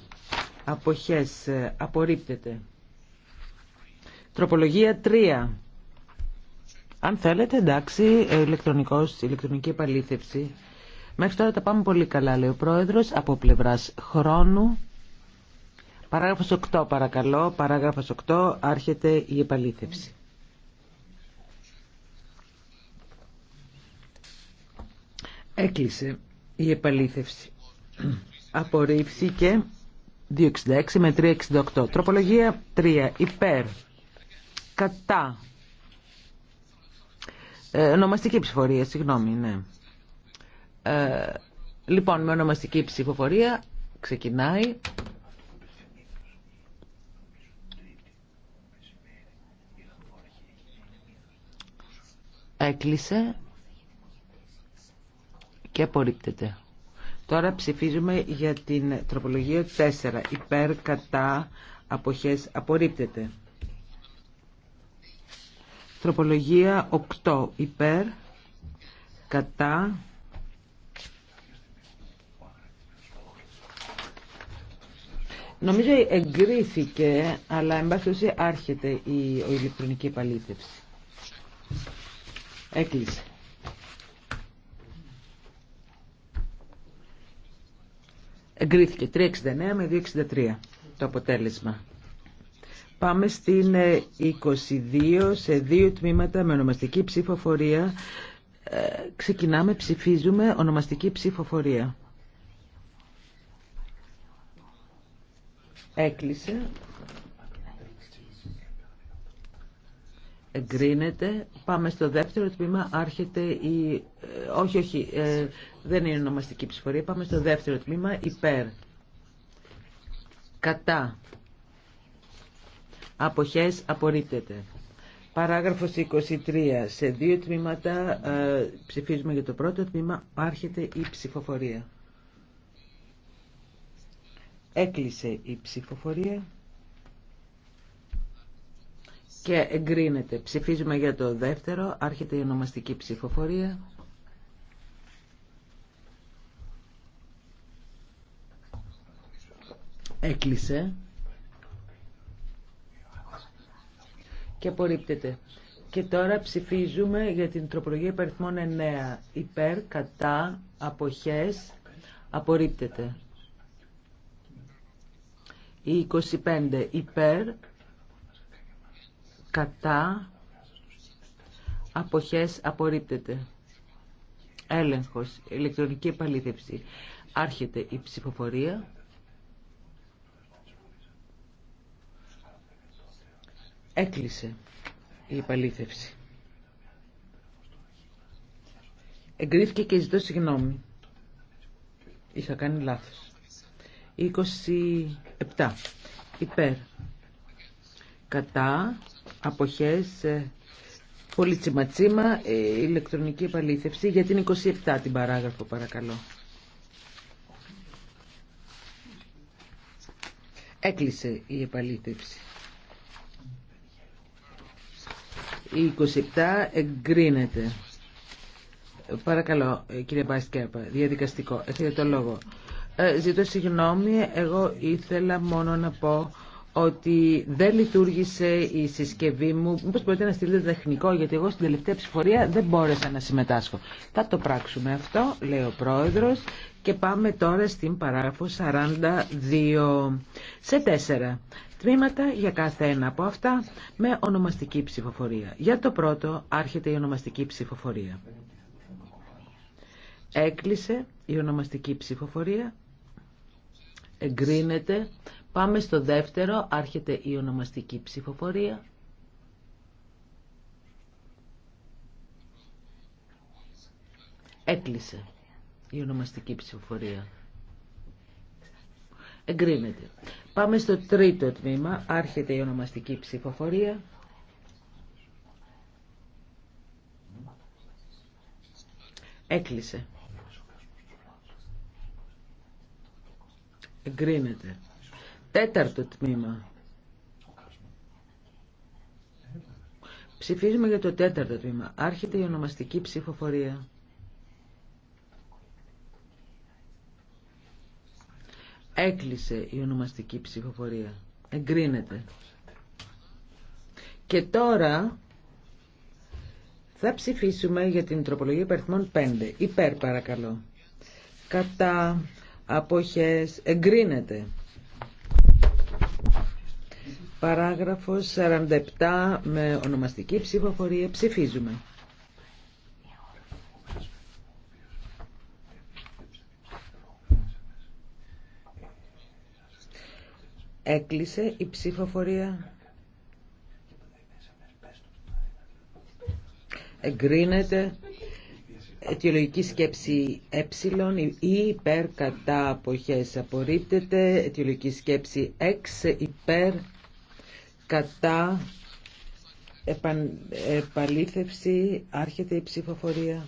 Αποχές. Ε, απορρίπτεται. Τροπολογία 3. Αν θέλετε, εντάξει, ηλεκτρονικός, ηλεκτρονική επαλήθευση. Μέχρι τώρα τα πάμε πολύ καλά, λέει ο Πρόεδρος, από πλευράς χρόνου. Παράγραφος 8 παρακαλώ. Παράγραφος 8 άρχεται η επαλήθευση. Έκλεισε η επαλήθευση. Απορρίφθηκε 266 με 368. Τροπολογία 3. Υπέρ. Κατά. Ε, ονομαστική ψηφορία, συγγνώμη, ναι. Ε, λοιπόν, με ονομαστική ψηφοφορία ξεκινάει. Έκλεισε και απορρίπτεται. Τώρα ψηφίζουμε για την τροπολογία 4. Υπέρ, κατά, αποχές, απορρίπτεται. Τροπολογία 8. Υπέρ, κατά, Νομίζω εγκρίθηκε, αλλά εν πάση άρχεται η, ηλεκτρονική επαλήθευση. Έκλεισε. Εγκρίθηκε 369 με 263 το αποτέλεσμα. Πάμε στην 22 ε, σε δύο τμήματα με ονομαστική ψηφοφορία. Ε, ξεκινάμε, ψηφίζουμε ονομαστική ψηφοφορία. Έκλεισε. εγκρίνεται. Πάμε στο δεύτερο τμήμα. Άρχεται η... Ε, όχι, όχι, ε, δεν είναι ονομαστική ψηφορία. Πάμε στο δεύτερο τμήμα. Υπέρ. Κατά. Αποχές απορρίπτεται. Παράγραφος 23. Σε δύο τμήματα ε, ψηφίζουμε για το πρώτο τμήμα. Άρχεται η ψηφοφορία. Έκλεισε η ψηφοφορία και εγκρίνεται. Ψηφίζουμε για το δεύτερο. Άρχεται η ονομαστική ψηφοφορία. Έκλεισε. Και απορρίπτεται. Και τώρα ψηφίζουμε για την τροπολογία υπαριθμών 9. Υπέρ, κατά, αποχές, απορρίπτεται. Η 25 υπέρ, κατά αποχές απορρίπτεται. Έλεγχος, ηλεκτρονική επαλήθευση. Άρχεται η ψηφοφορία. Έκλεισε η επαλήθευση. Εγκρίθηκε και ζητώ συγγνώμη. Είχα κάνει λάθος. 27. Υπέρ. Κατά αποχές ε, πολύ τσιματσίμα ε, ηλεκτρονική επαλήθευση για την 27 την παράγραφο παρακαλώ έκλεισε η επαλήθευση η 27 εγκρίνεται παρακαλώ ε, κύριε Μπάσκεπα διαδικαστικό έχετε το λόγο Ζητώ συγγνώμη, εγώ ήθελα μόνο να πω ότι δεν λειτουργήσε η συσκευή μου. Μήπως μπορείτε να στείλετε τεχνικό, γιατί εγώ στην τελευταία ψηφορία δεν μπόρεσα να συμμετάσχω. Θα το πράξουμε αυτό, λέει ο Πρόεδρος, και πάμε τώρα στην παράγραφο 42 σε 4. Τμήματα για κάθε ένα από αυτά με ονομαστική ψηφοφορία. Για το πρώτο άρχεται η ονομαστική ψηφοφορία. Έκλεισε η ονομαστική ψηφοφορία. Εγκρίνεται Πάμε στο δεύτερο, άρχεται η ονομαστική ψηφοφορία. Έκλεισε η ονομαστική ψηφοφορία. Εγκρίνεται. Πάμε στο τρίτο τμήμα, άρχεται η ονομαστική ψηφοφορία. Έκλεισε. Εγκρίνεται. Τέταρτο τμήμα. Ψηφίζουμε για το τέταρτο τμήμα. Άρχεται η ονομαστική ψηφοφορία. Έκλεισε η ονομαστική ψηφοφορία. Εγκρίνεται. Και τώρα θα ψηφίσουμε για την τροπολογία υπερθμών 5. Υπέρ παρακαλώ. Κατά αποχές εγκρίνεται. Παράγραφος 47 με ονομαστική ψηφοφορία ψηφίζουμε. Έκλεισε η ψηφοφορία. Εγκρίνεται αιτιολογική σκέψη ε ή υπέρ κατά αποχές απορρίπτεται αιτιολογική σκέψη 6 υπέρ κατά επαν, επαλήθευση άρχεται η ψηφοφορία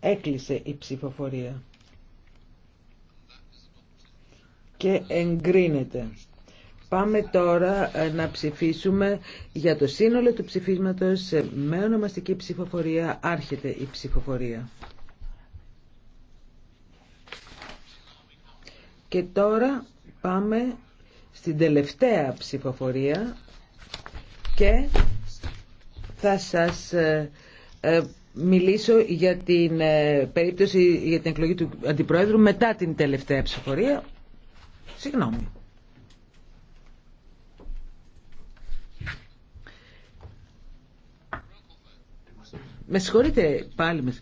έκλεισε η ψηφοφορία και εγκρίνεται Πάμε τώρα ε, να ψηφίσουμε για το σύνολο του ψηφίσματος ε, με ονομαστική ψηφοφορία. Άρχεται η ψηφοφορία. Και τώρα πάμε στην τελευταία ψηφοφορία και θα σας ε, ε, μιλήσω για την ε, περίπτωση για την εκλογή του Αντιπρόεδρου μετά την τελευταία ψηφοφορία. Συγγνώμη. Με συγχωρείτε πάλι.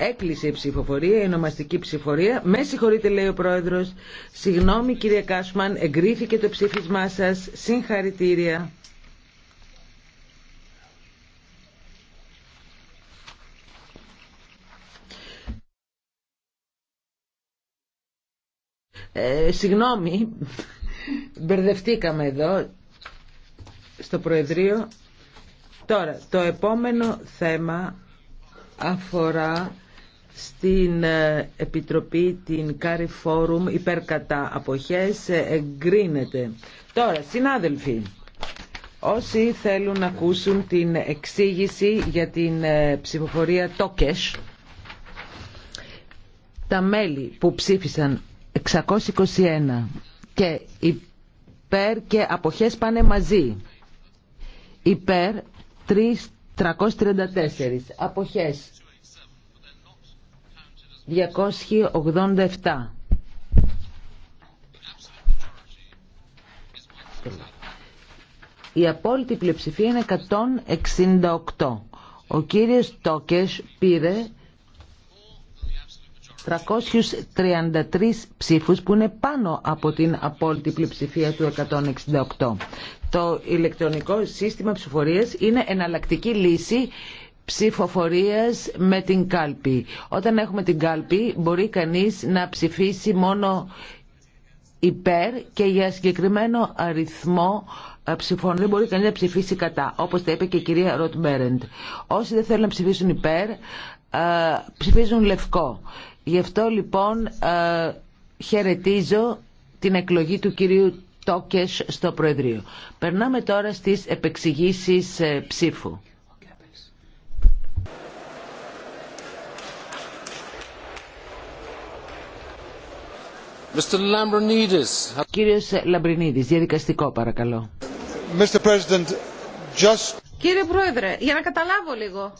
Έκλεισε η ψηφοφορία, η ονομαστική ψηφοφορία. Με συγχωρείτε, λέει ο πρόεδρο. Συγγνώμη, κύριε Κάσμαν, εγκρίθηκε το ψήφισμά σα. Συγχαρητήρια. Ε, συγγνώμη, μπερδευτήκαμε εδώ στο Προεδρείο. Τώρα, το επόμενο θέμα αφορά στην ε, Επιτροπή την Κάρι Φόρουμ υπερκατά αποχές ε, εγκρίνεται. Τώρα, συνάδελφοι, όσοι θέλουν να ακούσουν την εξήγηση για την ε, ψηφοφορία Τόκες, τα μέλη που ψήφισαν 621 και υπέρ και αποχές πάνε μαζί. Υπέρ 334. Αποχές 287. Η απόλυτη πλειοψηφία είναι 168. Ο κύριος Τόκες πήρε 333 ψήφους που είναι πάνω από την απόλυτη πλειοψηφία του 168. Το ηλεκτρονικό σύστημα ψηφορίας είναι εναλλακτική λύση ψηφοφορίας με την κάλπη. Όταν έχουμε την κάλπη μπορεί κανείς να ψηφίσει μόνο υπέρ και για συγκεκριμένο αριθμό ε, ψηφών. Δεν μπορεί κανείς να ψηφίσει κατά, όπως τα είπε και η κυρία Ροτ Μπέρεντ. Όσοι δεν θέλουν να ψηφίσουν υπέρ, ε, ψηφίζουν λευκό. Γι' αυτό λοιπόν ε, χαιρετίζω την εκλογή του κυρίου Τόκες στο Προεδρείο. Περνάμε τώρα στις επεξηγήσεις ψήφου. Κύριος Λαμπρινίδης, διαδικαστικό παρακαλώ. Mr. President, just... Κύριε Πρόεδρε, για να καταλάβω λίγο.